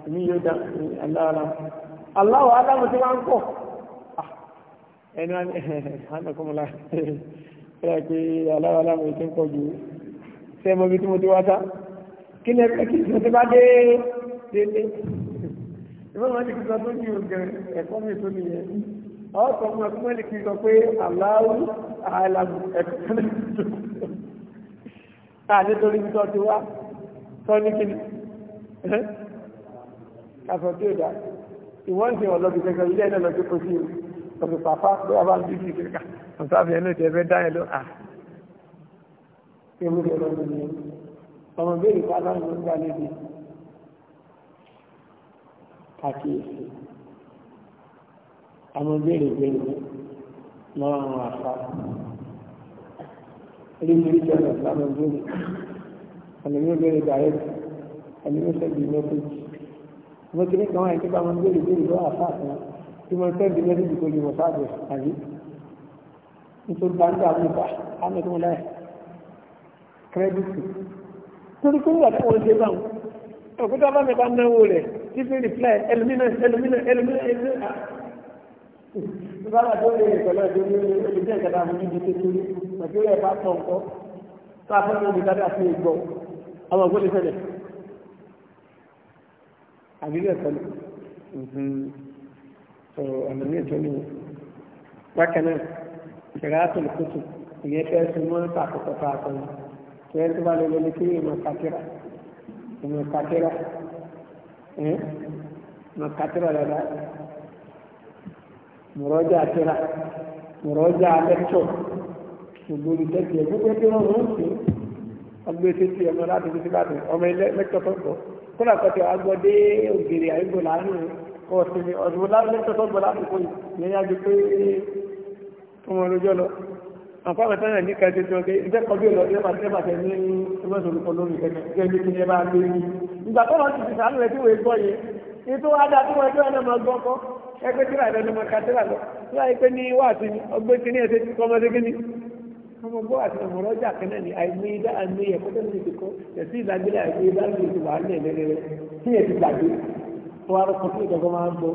èmi yóò dá aláàlá aláwọ̀ aláwọ̀ tí wọ́n ń pọ̀ ẹni wọn hánàkọ́mọ́lá ẹ̀rọ pé aláwọ̀ aláwọ̀ tí ń pọ̀ jù sẹ́ mọ́ bí tí mo ti wá tá kí ni ẹgbẹ́ kí ni ti bá dé délé ìwọ́n wọn ti kí sọ tó ní ògẹ̀rẹ̀ ẹ̀kọ́ mi tó nìyẹn ọ̀pọ̀ ọmọ ẹ̀kúnmọ́lì kí sọ pé aláwọ̀ àìlàmù ẹ̀kúnmọ́lì àdétorí tọ́ ti wá tọ́ ní kí ni kàfẹ́ tí ó dá ìwọ́n ti ọ̀lọ́bì kẹ́kẹ́ ilé ẹ̀nà lọ́jọ́ kò sí ọ̀sẹ̀ pàpá pé a bá ń bíbí ìkẹ́kà ọ̀sáfẹ́ ẹ̀nà ti ẹ̀fẹ́ dáyẹ̀ lọ à ìmúlẹ̀ àwọn ìbéèrè ìbéèrè lọ́wọ́ àwọn àfa oríṣiríṣi ọ̀nà ìsàmù ìbéèrè ẹlòmí ìbéèrè dàrẹ́ ẹlòmí sẹ́bi mẹ́sẹ̀jì mo kiri kan wáyé nípa àwọn ìbéèrè ìbéèrè lọ́wọ́ àfa kan tí mo sẹ́bi mẹ́sẹ̀jì kò lè mọ̀ sáàbẹ̀ àbí nítorí gbàǹdà àwọn ìbá àmì tó ń láyà kírẹ́dìtì torí kó wà tí wọ́n ṣe báwọn òkúta bá mi bá náwó rẹ̀ tí fi rìpláì ẹlòmínà ẹlòmínà ẹlòmínà ẹlòmínà ìbára tó lè pẹ̀lú ẹ̀jọ́ ní olùdíje ìjọba mi níbi kékeré pẹ̀lú ẹ̀ bá tọ̀ nǹkan tó a fẹ́ mú mi dáadáa fún ìgbọ̀ àwọn ògbó lè fẹ́lẹ̀ àbílẹ̀ pẹ̀lú sọ̀rọ̀ ọ̀nà ní ìjọ ní bákan náà ìṣẹ̀rá àtòlùkùtù ìyẹn fẹ́ sun mọ́ pàkókò pàkó ìyẹn tó bá lè lórí kí ìmọ̀ kàtírà ìmọ̀ kàtírà ìmọ̀ kàtírà dáadáa mọ̀rọ́jà àtẹ́ra mọ̀rọ́jà alẹ́tọ̀ gbogbo olùtẹ́tì ẹ̀ gbogbo ẹgbẹ́ wọn ló ń sè é ọgbẹ́ títí ọmọ láti fi síbàdàn ọmọ ilé lẹ́tọ̀ tó gbọ́ kódà kọ́tẹ́ agbọ́dé ògèrè àyíkò láàánú ọ̀sìn ọ̀dùnmọ́ lẹ́tọ̀ tó gbọ́ láti kó ìyẹn yá ju pé ọmọ olójọ́ lọ àpá àwọn tẹ́lẹ̀ ní kẹjọ tí wọ́n gé ìjẹ́ kọjú ìlọ ilé bàtẹ́ bàtẹ́ ní ìmọ̀sọ̀ ẹgbẹ́ tíra ìdẹ́nu mọ̀ kàtíra lọ láì pé ní wà sí ni ọgbẹ́ kí ní ẹ̀ṣẹ́ tí kọ́ ọmọdé kí ni ọmọ bọ́ àti ọmọrọ́jà kan náà ni àìmú idá àmì ẹ̀kọ́ tó ní ìdíkọ́ ẹ̀sí ìdágbélé àìmú idá ní ìdí wà ní ẹ̀lẹ́rẹ́ rẹ̀ tí èsì gbàgbé tó wá rọ́pò tó ìjọba máa ń bọ́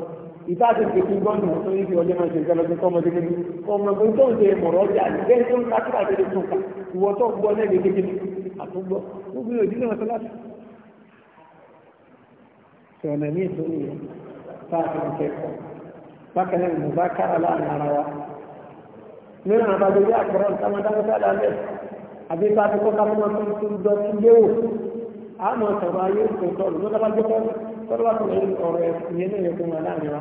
ìta ti tètè gbọ́nù tó ní fi ọjọ́ máa ṣe ìjọba tó kọ́ ọmọdé kékeré ọmọ ẹgbẹ́ tó ń ṣe mọ̀rọ́jà lẹ́yìn tó ń ka kíkà tó lè tún ká ìwọ tó gbọ́ lẹ́yìn kékeré àtúgbọ́ bákan náà mo bá kára láàrin ara wa nínú àwọn abájọ́ bí àkọ́rọ́ nǹkan máa dáwọ́ sáà lálẹ́ àbí bá ti kọ́ ká máa tó tó lọ sí léwò àmọ́ sọ̀rọ̀ ayé kò tọ̀lù ló dábàá jọ́kọ́ tọ́lọ́ bá tọ̀lù ọ̀rọ̀ ìyẹn náà yẹ kó wọn láàrin wa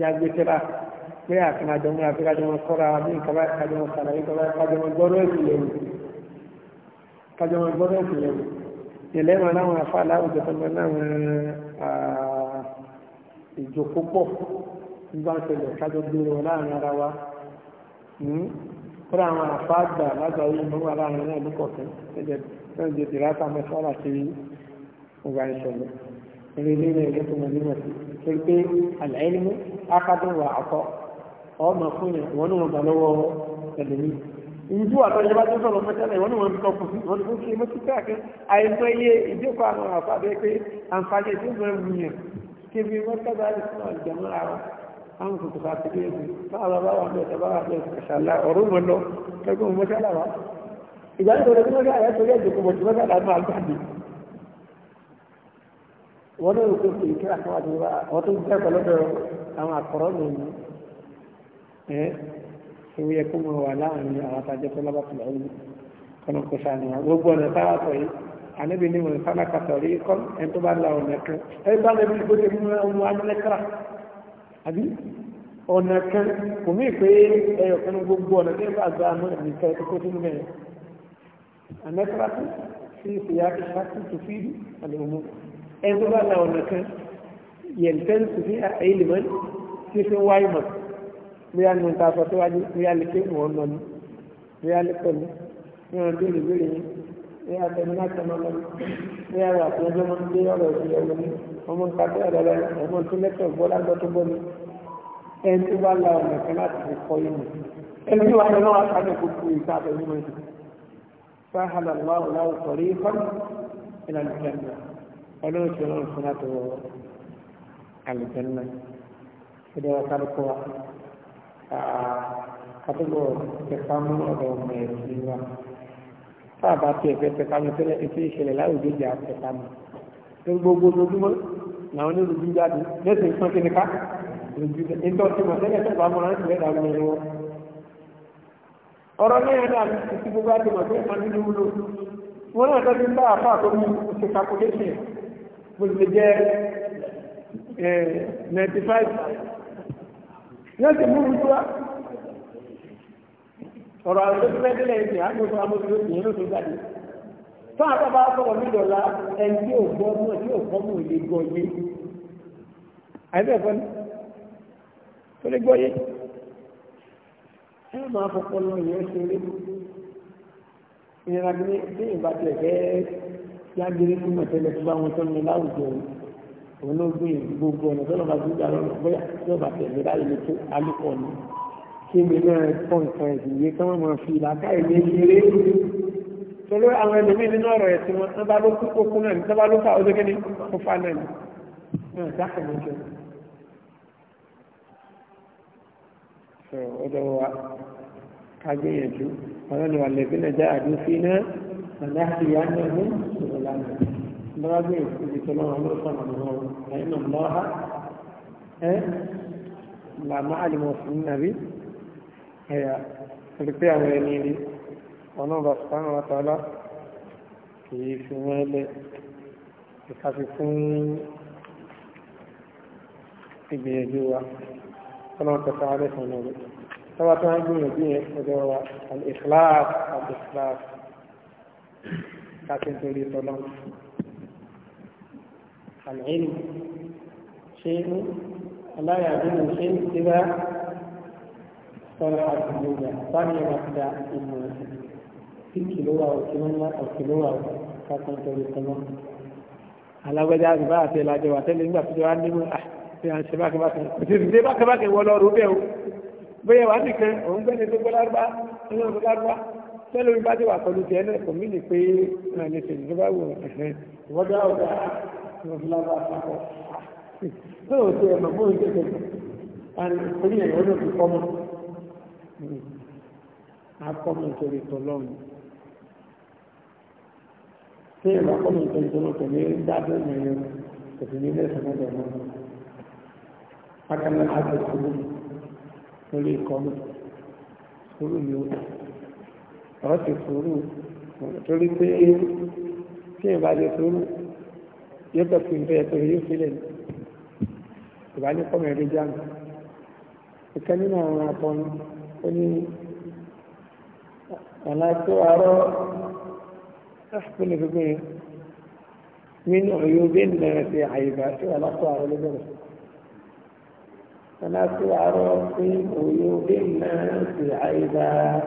yà gbé tẹ́lá pé àkànàjọ mú àfikàjọ wọn kọ́ra bí nǹkan bá kájọ wọn sàlàyé kọ́ra kájọ wọn gbọ́dọ̀ ìpìlẹ̀ wò kájọ wọn gbọ́dọ̀ ìpìlẹ̀ wò ìlẹ́wọ̀n láwọn afá láwùjọ tó ń bẹ láwọn ìjòkó pọ̀ nígbà ìṣẹ̀lẹ̀ kájọ gbére wọn láàrin ara wa fúnra hmm? àwọn àfáàgbà lágbàáyé ìmọ̀wé aláàrin náà lókọ̀ọ̀kan lẹ́jẹ̀ tìrátà mẹ́fà láti rí ìgbà ìṣẹ̀lẹ̀ ìrírí rẹ̀ lẹ́kọ̀ọ́ mọ̀ nímọ̀ sí torí pé àlẹ́ẹ̀lẹ́mú akádùnwà àkọ́ ọmọ fún yẹn wọn ni wọn gbà lọ́wọ́ ẹ̀lẹ́mí ìjú àtọ́jọ́ bá tó sọ̀rọ̀ mẹ́tẹ́lẹ̀ wọn ni wọn kọ́ fún wọn ni wọn kí mọ́tí káàkiri àìmọye ìjókòó àwọn àfáàbẹ́ pé àǹfààní ìdí kébí mọ́tàbá ìsúná ìjàmọ́ àwọn àwọn kòtò bá ti dé ebi báwa bá wà bẹ́ẹ̀ tàbá wà bẹ́ẹ̀ kàṣàlá ọ̀rọ̀ mọ́ lọ kẹ́gbọ́n mọ́ mọ́tàlá wa ìgbà tó lọ sí mọ́tàlá yẹn torí ẹ̀jẹ̀ kò mọ̀ sí mọ́tàlá máa gbà dé. wọ́n náà kò fi ìkíra kan àti anabi ni wọn fana katọri kọ ẹn tó bá la ọ̀nà kan ẹ bá lẹbi ní gbọdọ mú ọmọ amẹlẹkara àbí ọ̀nà kan kò mí pé ẹyọ kan gbogbo ọ̀nà tó bá gba àmọ́ ẹ̀mí ká ẹ̀kọ́ tó mú ẹ̀ amẹkara tó fi ìyá ìṣàkó tó fi ìlú àlùmọ́ ẹn tó bá la ọ̀nà kan yẹn tẹ́lẹ̀ tó fi ẹ̀yìn lè mọ́ tí ó fi wáyé mọ́ bí a nù ta sọ síwájú bí a lè ké ìwọ̀n nọ ní bí a lè pẹ̀lú bí wọn lè lè bóyá tẹ̀mínà tẹ̀mọ́ lọ bóyá wà tí wọ́n mọ́ gbé ọ̀rọ̀ ìdílé wọn ni ọmọ nǹkan tó ọ̀rọ̀ lọ ọmọ tó lẹ́tọ̀ gbọ́ lágbọ́ tó gbọ́ ni ẹni tó bá la ọ̀nà kan láti fi kọ́ ìmọ̀ ẹni tó wà ní wọn ká ní kókó ìta àtẹ̀yìn mọ́ ìdí sáhàlà wà wọ́n láwù sọ̀rí ikọ́ ìlànà ìjẹ̀nà ọlọ́run ti rọrùn fún láti wọ àlùjẹ̀nà ìdẹ́ wọn ká ló kọ́ wa kátó bọ̀ kẹfà mú ọ̀dọ̀ ọmọ ẹ̀sìn wa sáàbà tí ẹ̀fẹ́ tẹ̀kámi tẹ́lẹ̀ ètò ìṣẹ̀lẹ̀ láwùjọ jẹ́ àtẹ̀kámi ní gbogbo ojoojúmọ́ làwọn ní ojú jáde lẹ́sìn ìpín kí ni ká ìtọ́ tí mo tẹ́lẹ̀ tẹ́lẹ̀ bá mọ́ láti rẹ̀ dàgbà ẹ̀rọ wọn. ọ̀rọ̀ náà ní àti ti gbogbo àti mọ̀ pé wọ́n nínú ọ̀rọ̀ àwọn olóṣèlú ẹgbẹ́lẹ̀ ẹ̀sìn àgbẹ̀sọ amóṣèlú ìyẹn ló tó jáde fún àtàbà sọ̀rọ̀ ní ìdọ̀la ẹni tí ò gbọ́ mú tí ò gbọ́ mú ilé gbọ́ yé àìbẹ̀ fún mi tó lè gbọ́ yé ẹ máa fọpọ́ lọ ìyẹn ṣeré ìnira bí ní ìgbà tí ẹ̀fẹ́ yágéré fún mọ̀tẹ́lẹ̀ tó bá wọn tó ní láwùjọ kémi náà kọ́ nǹkan ẹ̀sìn yìí kí wọ́n máa fi ìlàkà ìlé ṣeré torí àwọn ẹlòmíín nínú ọ̀rọ̀ ẹ̀sìn wọn tó bá ló kú kókó náà ní tó bá ló fà ó ní kó náà ní náà dákẹ́ mọ́ so ọjọ́ wa ká gbìyànjú ọ̀rọ̀ ni wà lẹ́bí náà já àdúgbò sí náà nàdá sí ìyá náà mú ìṣòro lánàá bá gbìyànjú ibi tó lọ́wọ́ ló sọ̀rọ̀ lọ́wọ́ ẹ̀yìn náà lọ́ha ẹ̀ ẹ̀yà torí pé àwọn ẹni rí ọlọ́ọ̀bà sùpánù àtàlá kìí fi wọ́n lẹ̀ ìkàfi fún ìgbìyànjú wa ọlọ́run tẹ̀sán alẹ́ fún ọ̀nà rẹ̀ tọ́wọ́ tó wa al-ikhlas al-ikhlas káfí nítorí tọ́lọ́ al-ilm ṣe aláyàdúnú ṣe ń tira طلحة بن يوسف ثانية واحدة إنه في كيلو أو كيلو أو كيلو أو كاتم تولي تمام على وجه الباعث إلى جوات اللي نبقى في جوان نمو أح في عن شباك باك وتزدي باك باك ولو روبيو bóyá wàá nìkan òun gbẹ́ni tó gbọ́lá rúbá ọlọ́run tó gbọ́lá rúbá tẹ́lẹ̀ orí bá ti wà pẹ̀lú tiẹ̀ náà kò mí ní pé náà ní sèlú tó bá wù ìwọ́dà ọ̀gá ìwọ́dà ọ̀gá àpapọ̀ tó o ti ẹ̀ mọ̀ fún ìdíje àti orí ẹ̀yọ́ náà ti kọ́ mọ́. Hmm. akọ́mọ̀ nítorí tọ́lọ́run tí ìwà akọ́mọ̀ nítorí tọ́lọ́run kò ní dájọ́ ìrìn kò sì ní ilé ìsọ̀rọ̀ ọ̀dọ̀ náà akẹ́lẹ́ àti ìṣòro lórí ìkọ́mù sùúrù ni ó ọ̀ sì sùúrù torí pé tí ìwà àti sùúrù yóò bẹ̀ fi ìfẹ́ ẹ̀tọ́ yóò fi lẹ̀ ìwà ní kọ́mọ̀ ẹ̀rí jáàmù ìkẹ́ nínú àwọn akọni أنا أرى أحكم بكم من عيوب الناس عيبات ولا أرى لكم أنا أرى من عيوب الناس عيبات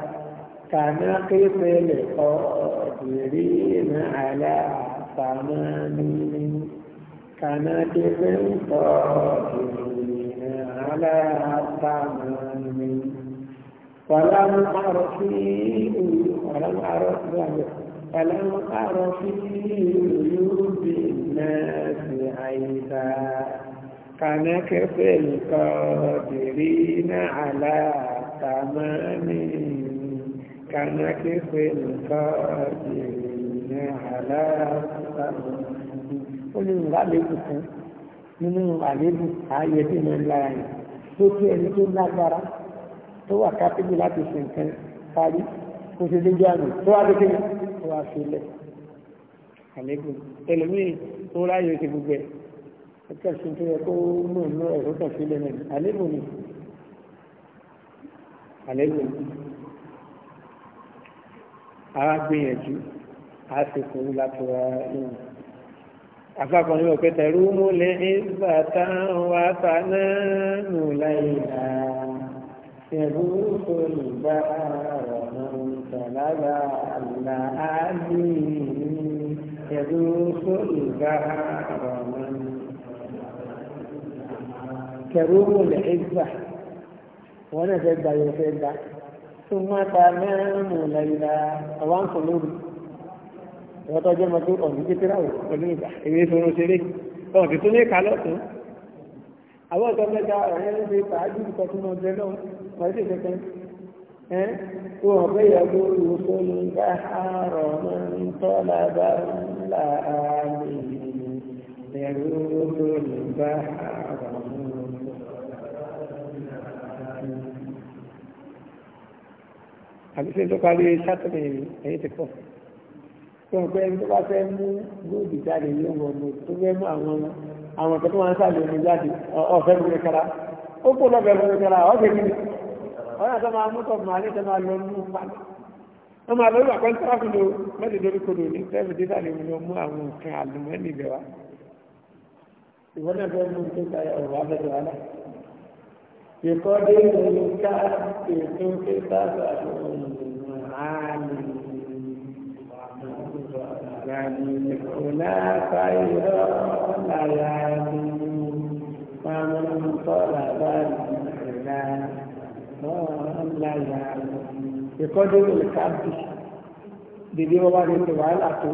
كناقص القادرين على ثمانين كناقص القادرين على ثمانين فلم أر في فلم أر فلم أر في قلوب الناس عيبا كنكف القادرين على تمام كنكف القادرين على تمام قل إن غالبكم nínú àlébù ààyè tí mo ń lára yìí tó kí ẹni tó lágbára tó wà kápẹ́bù láti ṣe nǹkan parí kó ṣe déjọ́ àmì tó wá dókè ní tó wá fi lẹ̀ àlékún ẹlòmíì tó ráyè ṣe gbogbo ẹ̀ ó kẹ̀sùn tó yẹ kó mú inú ẹ̀ tó kẹ̀ sílẹ̀ náà àlékún ni àlékún ni ara gbìyànjú a sì kúrú láti ìgbà táwọn wá ta nù láyé náà. يذوق البار من طلب المعالي يذوق البار من كروم العزة وانا زيدا يزيدا ثم تنام ليلا طبعا قلوبي wọ́n tọ́jú ọmọ tó ọ̀gbìn kékeré àwọ̀ pẹ̀lú ìgbà èmi fún un ṣeré ọ̀gbìn tó ní kálọ̀ tó àwọn ọ̀tọ́ mẹ́ta ọ̀rẹ́ ń fi pàájú nǹkan tó máa bẹ náà wọ́n sì fẹ́ fẹ́ ẹ́ tó wọ́n fẹ́ yàgò ìwòsàn ní káàárọ̀ máa ń tọ́lá bá ńlá àmì ẹ̀rọ tó lè bá àrọ̀ àbí sí tó parí sátọ̀dẹ̀ ẹ̀yìn ti pọ̀ tó wọ́n fẹ́ tó bá fẹ́ mú góòdì jáde yóò wọ̀ tó fẹ́ mú àwọn ọmọ àwọn ìpẹ́ tó wọ́n ń sáàlì omi jáde ọ̀fẹ́ mi kẹkẹrà ó kó lọ́bẹ̀ mi kẹkẹrà ọ̀fẹ́ mi ọ̀nà tó máa mú tọ̀ mọ́ alẹ́ tó máa lọ mú pálí ó máa lọ́rù àkọ́ńtàkùn ló mẹ́tẹ̀ẹ́ lórí kodò ní tẹ́ẹ̀mì dídà lè mú mú àwọn nǹkan àlùmọ́ọ́nì ibẹ̀ ìwọ́n náà fẹ́ mú يعني هناك خير ليالي ومن طلب الهدى ليالي بقدر الكبد bìbí wọn wá ní ti wàhálà tó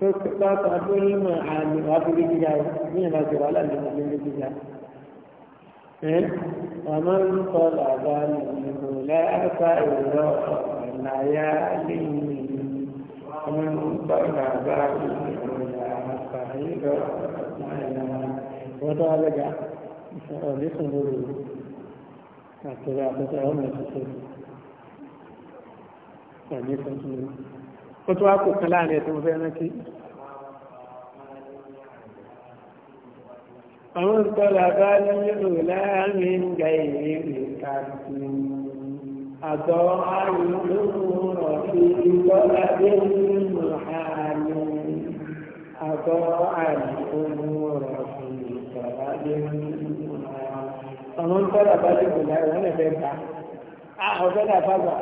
tó kíkọ́ ọdún yìí mọ̀ àmì wà bí bí gíga o ní ìlà ti wàhálà ní ìlà bí gíga ẹ wà máa ń sọ làbá nìyí kò lẹ́ẹ̀ka ìrọ̀ ọ̀nà yá lẹ́yìn من بلغ بابه فعيد معنا وذلك لكم ولو كذا تتعلم الكتاب فعليكم ولو ó tó wá kò kan láàrin ẹ̀tọ́ fẹ́ rántí àwọn ìtọ́lá bá ní ìlú láàrin ìgbà ìrìn ìrìn káàkiri àtọ́ àrùnlógún ọ̀fi ìtọ́lá dé nínú àmì àtọ́ àrùnlógún ọ̀fi ìtọ́lá dé nínú àmì. àwọn ń tọ́lá bá lè gbòdà wọn lè fẹ́ gbà á ọ̀fẹ́ náà fàgbà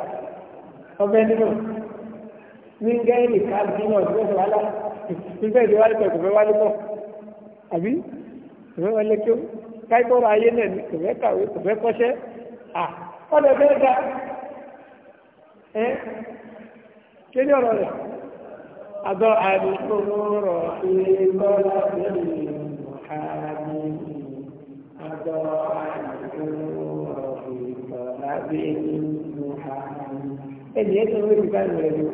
ọ̀fẹ́ nínú ní gẹ́rì káàdì náà tó fẹ́ wálá nígbà èdè wálé pẹ̀ kò fẹ́ wálé pọ̀ àbí kò fẹ́ wálé kí ó káìkọ́rọ̀ ayé náà kò fẹ́ kọ́ṣẹ́ à ọ̀dọ̀ fẹ́ ga ẹ́ kí ní ọ̀rọ̀ rẹ̀ àbọ̀ àdìkòrò ìgbọ́lá lẹ́yìn àmì àbọ̀ àdìkòrò ìgbọ́lá lẹ́yìn àmì ẹni ẹ́ tó lórí báyìí rẹ̀ lò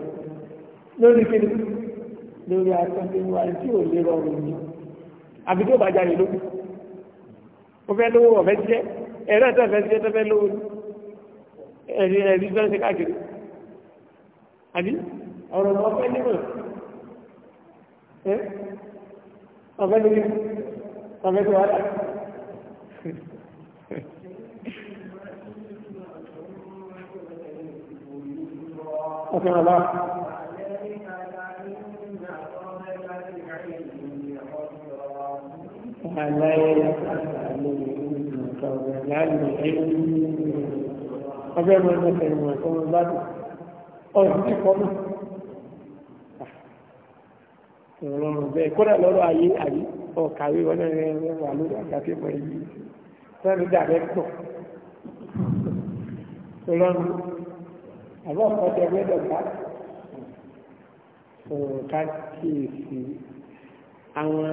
lórí kí lórí akọ́bíwá tí ò lè rọrùn ní àbí tó bá jáde lókù ó fẹ́ lówó ọ̀fẹ́ jẹ́ ẹ̀rọ ẹ̀tọ́ ẹ̀fẹ́ jẹ́ tó fẹ́ lówó ẹ̀rí ẹ̀rí fẹ́ ṣe káàkiri àbí ọ̀rọ̀ ọmọ ọ̀fẹ́ nímọ̀ ọ̀fẹ́ nílé ọ̀fẹ́ tó wà láti ọ̀fẹ́ ọ̀lá ọ̀fẹ́ ọmọ ọ̀fẹ́ ìmọ̀ ọ̀fẹ́ ọmọ bá dùn ọ̀rọ̀ tí kọ́ náà ìrọ̀rùn bẹ́ẹ̀ kódà lọ́rọ̀ ayé ayé ọ̀kàwé wọn náà wà lórí àgbàfẹ́ mọ̀ èyí sẹ́nu dàbẹ́ pọ̀ ìrọ̀rùn àbọ̀ ọ̀kọ́tẹ mẹ́dọ̀gbá ká kíyèsí àwọn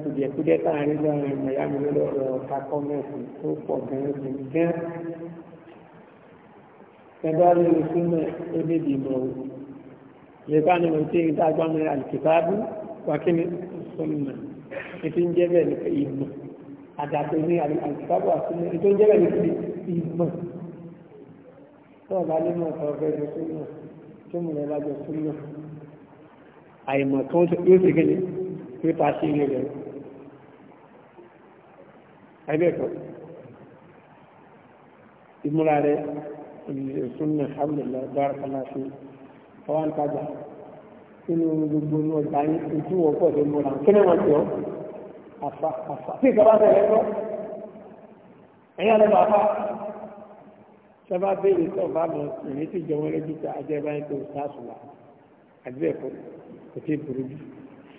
kùdìẹ̀kùdẹ́ tá a rí lọ́rùn mọ̀yámi lọ́rọ̀ kakọ́ mẹ́sìn tó pọ̀ gan-an ẹgbẹ́rú ìsúnmọ̀ ó débi ìmọ̀ o yorùbá ni mo ti ń dá gbọ́mọ àlùkìtàbù wákìní ìsúnmọ̀ ètò ń jẹ́ bẹ́ẹ̀ ní ìmọ̀ àdàpọ̀ ní àlùkìtàbù àsúnmọ̀ ètò ń jẹ́ bẹ́ẹ̀ ní ìmọ̀ tó ọ̀gá ní mọ̀ ọ̀tọ̀ ọ̀gá ẹ̀jọ̀ súnmọ̀ tó mú lẹ́la jọ súnmọ̀ àìmọ̀ kan yóò ṣe kéde pé pa sí ilé rẹ̀ ẹgbẹ́ kan ìmúra rẹ̀ ìsúnmí alhamdulillah barakallah fi ọwọ́ ń tajà nínú gbogbo ní ọjà yín ojú wọ pọ̀ tó múra kí ni wọ́n ti ọ́ àfa àfa tí ìjọba bẹ̀rẹ̀ lọ ẹ̀yìn alẹ́ bá fa sábà béèrè tó ọba mọ ìrìn tí jọwọ́ lójú tó ajẹ́bá yín tó sáàsù wa àdúrà ẹ̀kọ́ kò tí ì burú jù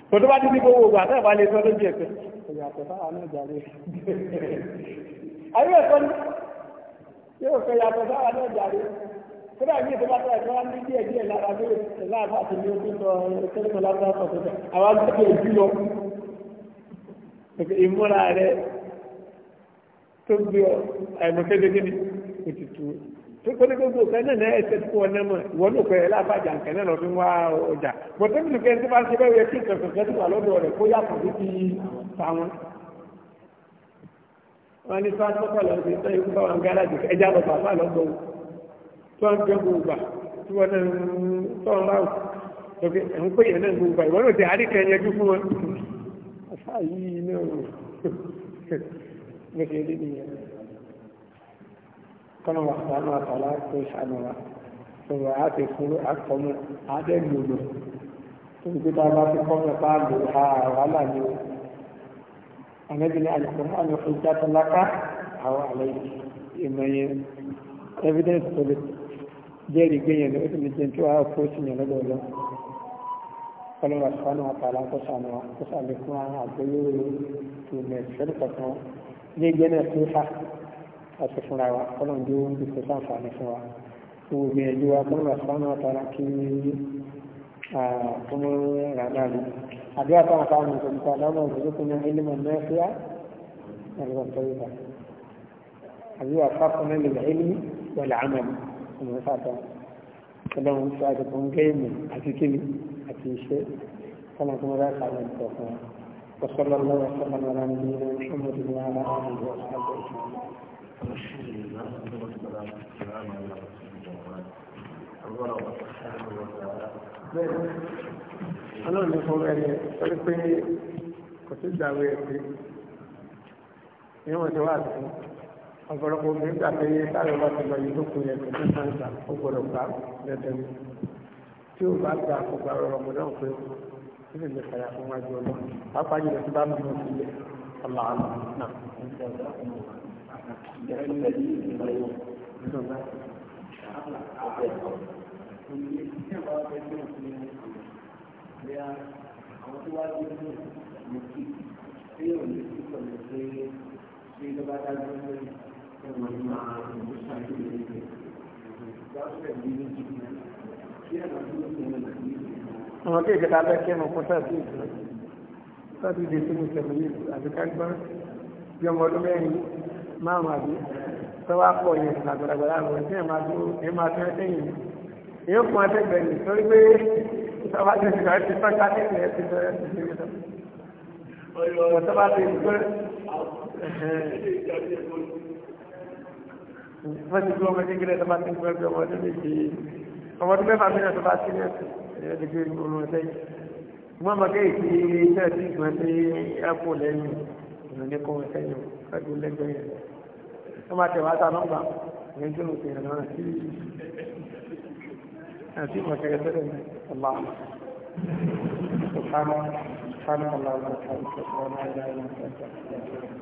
tòtò bá ti di gbogbo ògbà tó ìbá lè sọ lójú ẹ̀kọ́ ìyàtọ̀ táwa náà jà lé ayé ẹ̀kọ́ ni yóò fẹ́ yàtọ̀ sára náà jàre kódà ní ìjọba tó ẹ̀ka wá ní díẹ̀ díẹ̀ lára ló ìlà àbá àti ní ojú lọ tẹ́lẹ̀mọ́ lábúrò àtọ̀ tó tẹ̀ àwọn agbẹ́bí ojú lọ ìmúra rẹ tó gbé ọ àìmọ̀tẹ́gbẹ́ kí ni òtítù tókòtò gbogbo kan náà náà ẹsẹ̀ tó wọn náà mọ̀ ìwọ ló pẹ̀lú àbájá nǹkan náà lọ́ọ́ fi wá ọjà bọ̀tẹ́bìlì kẹ́ńtì bá ń ṣe bẹ́ẹ̀ yẹ kí ìtọ̀sọ̀tẹ́ tó wà lọ́dọ̀ rẹ̀ kó yàtọ̀ wọ́n ní fásitì pọ̀ lọ́wọ́ sí sọ ikú báwọn gáràjì ẹja lọ bàbá lọ́gbọ̀ tó ń gbé gbogbo tí wọ́n náà ń tọ́ ń láwù lókè ẹ̀ ń pè yẹn náà gbogbo ìwọ́n náà ti àríkẹ́ yẹn dún fún wọn. àfà yìí náà wò gbèsè lé nìyẹn. kọ́nà ń gbé ànábì ní al-Qur'an hujjatan laka aw alayk ìmọ̀ yẹn evidence tó lè jẹ́rìí gbé yẹn lọ́wọ́ tó lè jẹ́ tí wàá kó sí yẹn lọ́dọ̀ lọ. Ọlọ́run àtàwọn àtàlà kó sànù wa kó sàlẹ̀ fún àwọn àgbélé tó lẹ̀ sẹ́lẹ̀ kọ̀ọ̀kan ní ìgbẹ́ náà tó fà àti fúnra wa Ọlọ́run tó ń dìbò sáǹfààní wa. Gbogbo ìgbìyànjú wa Ọlọ́run àdúrà táwọn fáwọn nǹkan nípa lọ́mọ ìdókòwò ẹlẹ́mọ̀ mẹ́fíà ẹ̀rọ tọ́yìnbá àbíwá fáfọ́nà lè ẹlẹ́mí wọlé àmàlì ọmọ fàtà ọlọ́run tó àti kan gẹ́ẹ̀mù àti kíni àti iṣẹ́ kọ́nà tó mọ́ra sàrẹ̀ ìtọ̀kan وصلى الله وسلم على نبينا محمد وعلى اله وصحبه اجمعين. الحمد لله والصلاه والسلام على رسول الله. الله سبحانه وتعالى ọlọ́run ní fún ẹni pẹ̀lú pé kò sí ìgbàwé ẹ̀sìn níwọ̀n tí wà sí ọ̀pọ̀lọpọ̀ obìnrin gbà pé sáré ọba ti lọ yìí tó kù yẹn kò ní sáńsà ó gbọdọ̀ gbà lẹ́tẹ̀ mi tí ó bá gbà kó ọ̀rọ̀ ọmọdé ọ̀hún pé ó sì lè fàyà fún wájú ọlọ́ pàápàá jùlọ tí bá mú sílẹ̀ ọ̀là Thank you ní àwọn tó wá dé ní mọ̀kì tí yóò lè fi pẹ̀lú pé ṣé lọ́ba dájú pé ẹ̀wọ̀n ní máa ìlú ṣáájú lè rí rẹ̀. Ìgbàsẹ̀ bí ní jù kí ẹ̀wọ̀n tó ń sẹ́yìn lè rí rẹ̀. Àwọn tó ìjọba abẹ́ kí ẹnu fún sáàtì ìjọba sáàtì ìdè tó ní sẹ̀mú yìí àti kágbá bí ọmọ ọdún mẹ́rin márùn-ún àbí tọ́wọ́ pọ̀ yẹn àgbàlagbà láàrin ẹ̀ máa dúró ẹ̀ máa tẹ́ ẹ̀yìn. Èyí ó fún atẹ́gbẹ̀ẹ́ nì sọ́rí ìjọba ti sọ̀rọ̀ ti sọ́jà nílẹ̀ ẹ̀ ti bẹ̀rẹ̀ ti ṣe wíwọ́n. Ọ̀yọ̀ tó bá ti gbé. Wọ́n ti gbé ọmọ kékeré tó bá ti gbé ọmọ ọmọdé méjì. Ọmọ tó mẹ́fà mílíọ̀n tó bá sí ní ẹ̀sìn. Ẹ̀yọ́ ti gbé olú ẹ̀sẹ̀ yìí. Mọ́ ọmọ kéyì tí iṣẹ́ ti gbọ́n sí ẹ̀kú lẹ́yìn. Ìrìnlẹ̀ kọ́ ẹ̀sẹ̀ yìí kájú lẹ́gbẹ̀ẹ́ yẹn. Wọ́n máa tẹ̀ wá sá nọ́mbà. Ìyẹn tó ń tẹ̀ ẹ̀rọ àti àti ìmọ̀ kẹ̀kẹ́ tẹ́lẹ̀ náà. الله سبحانه سبحانه الله وبحمده لا اله الا انت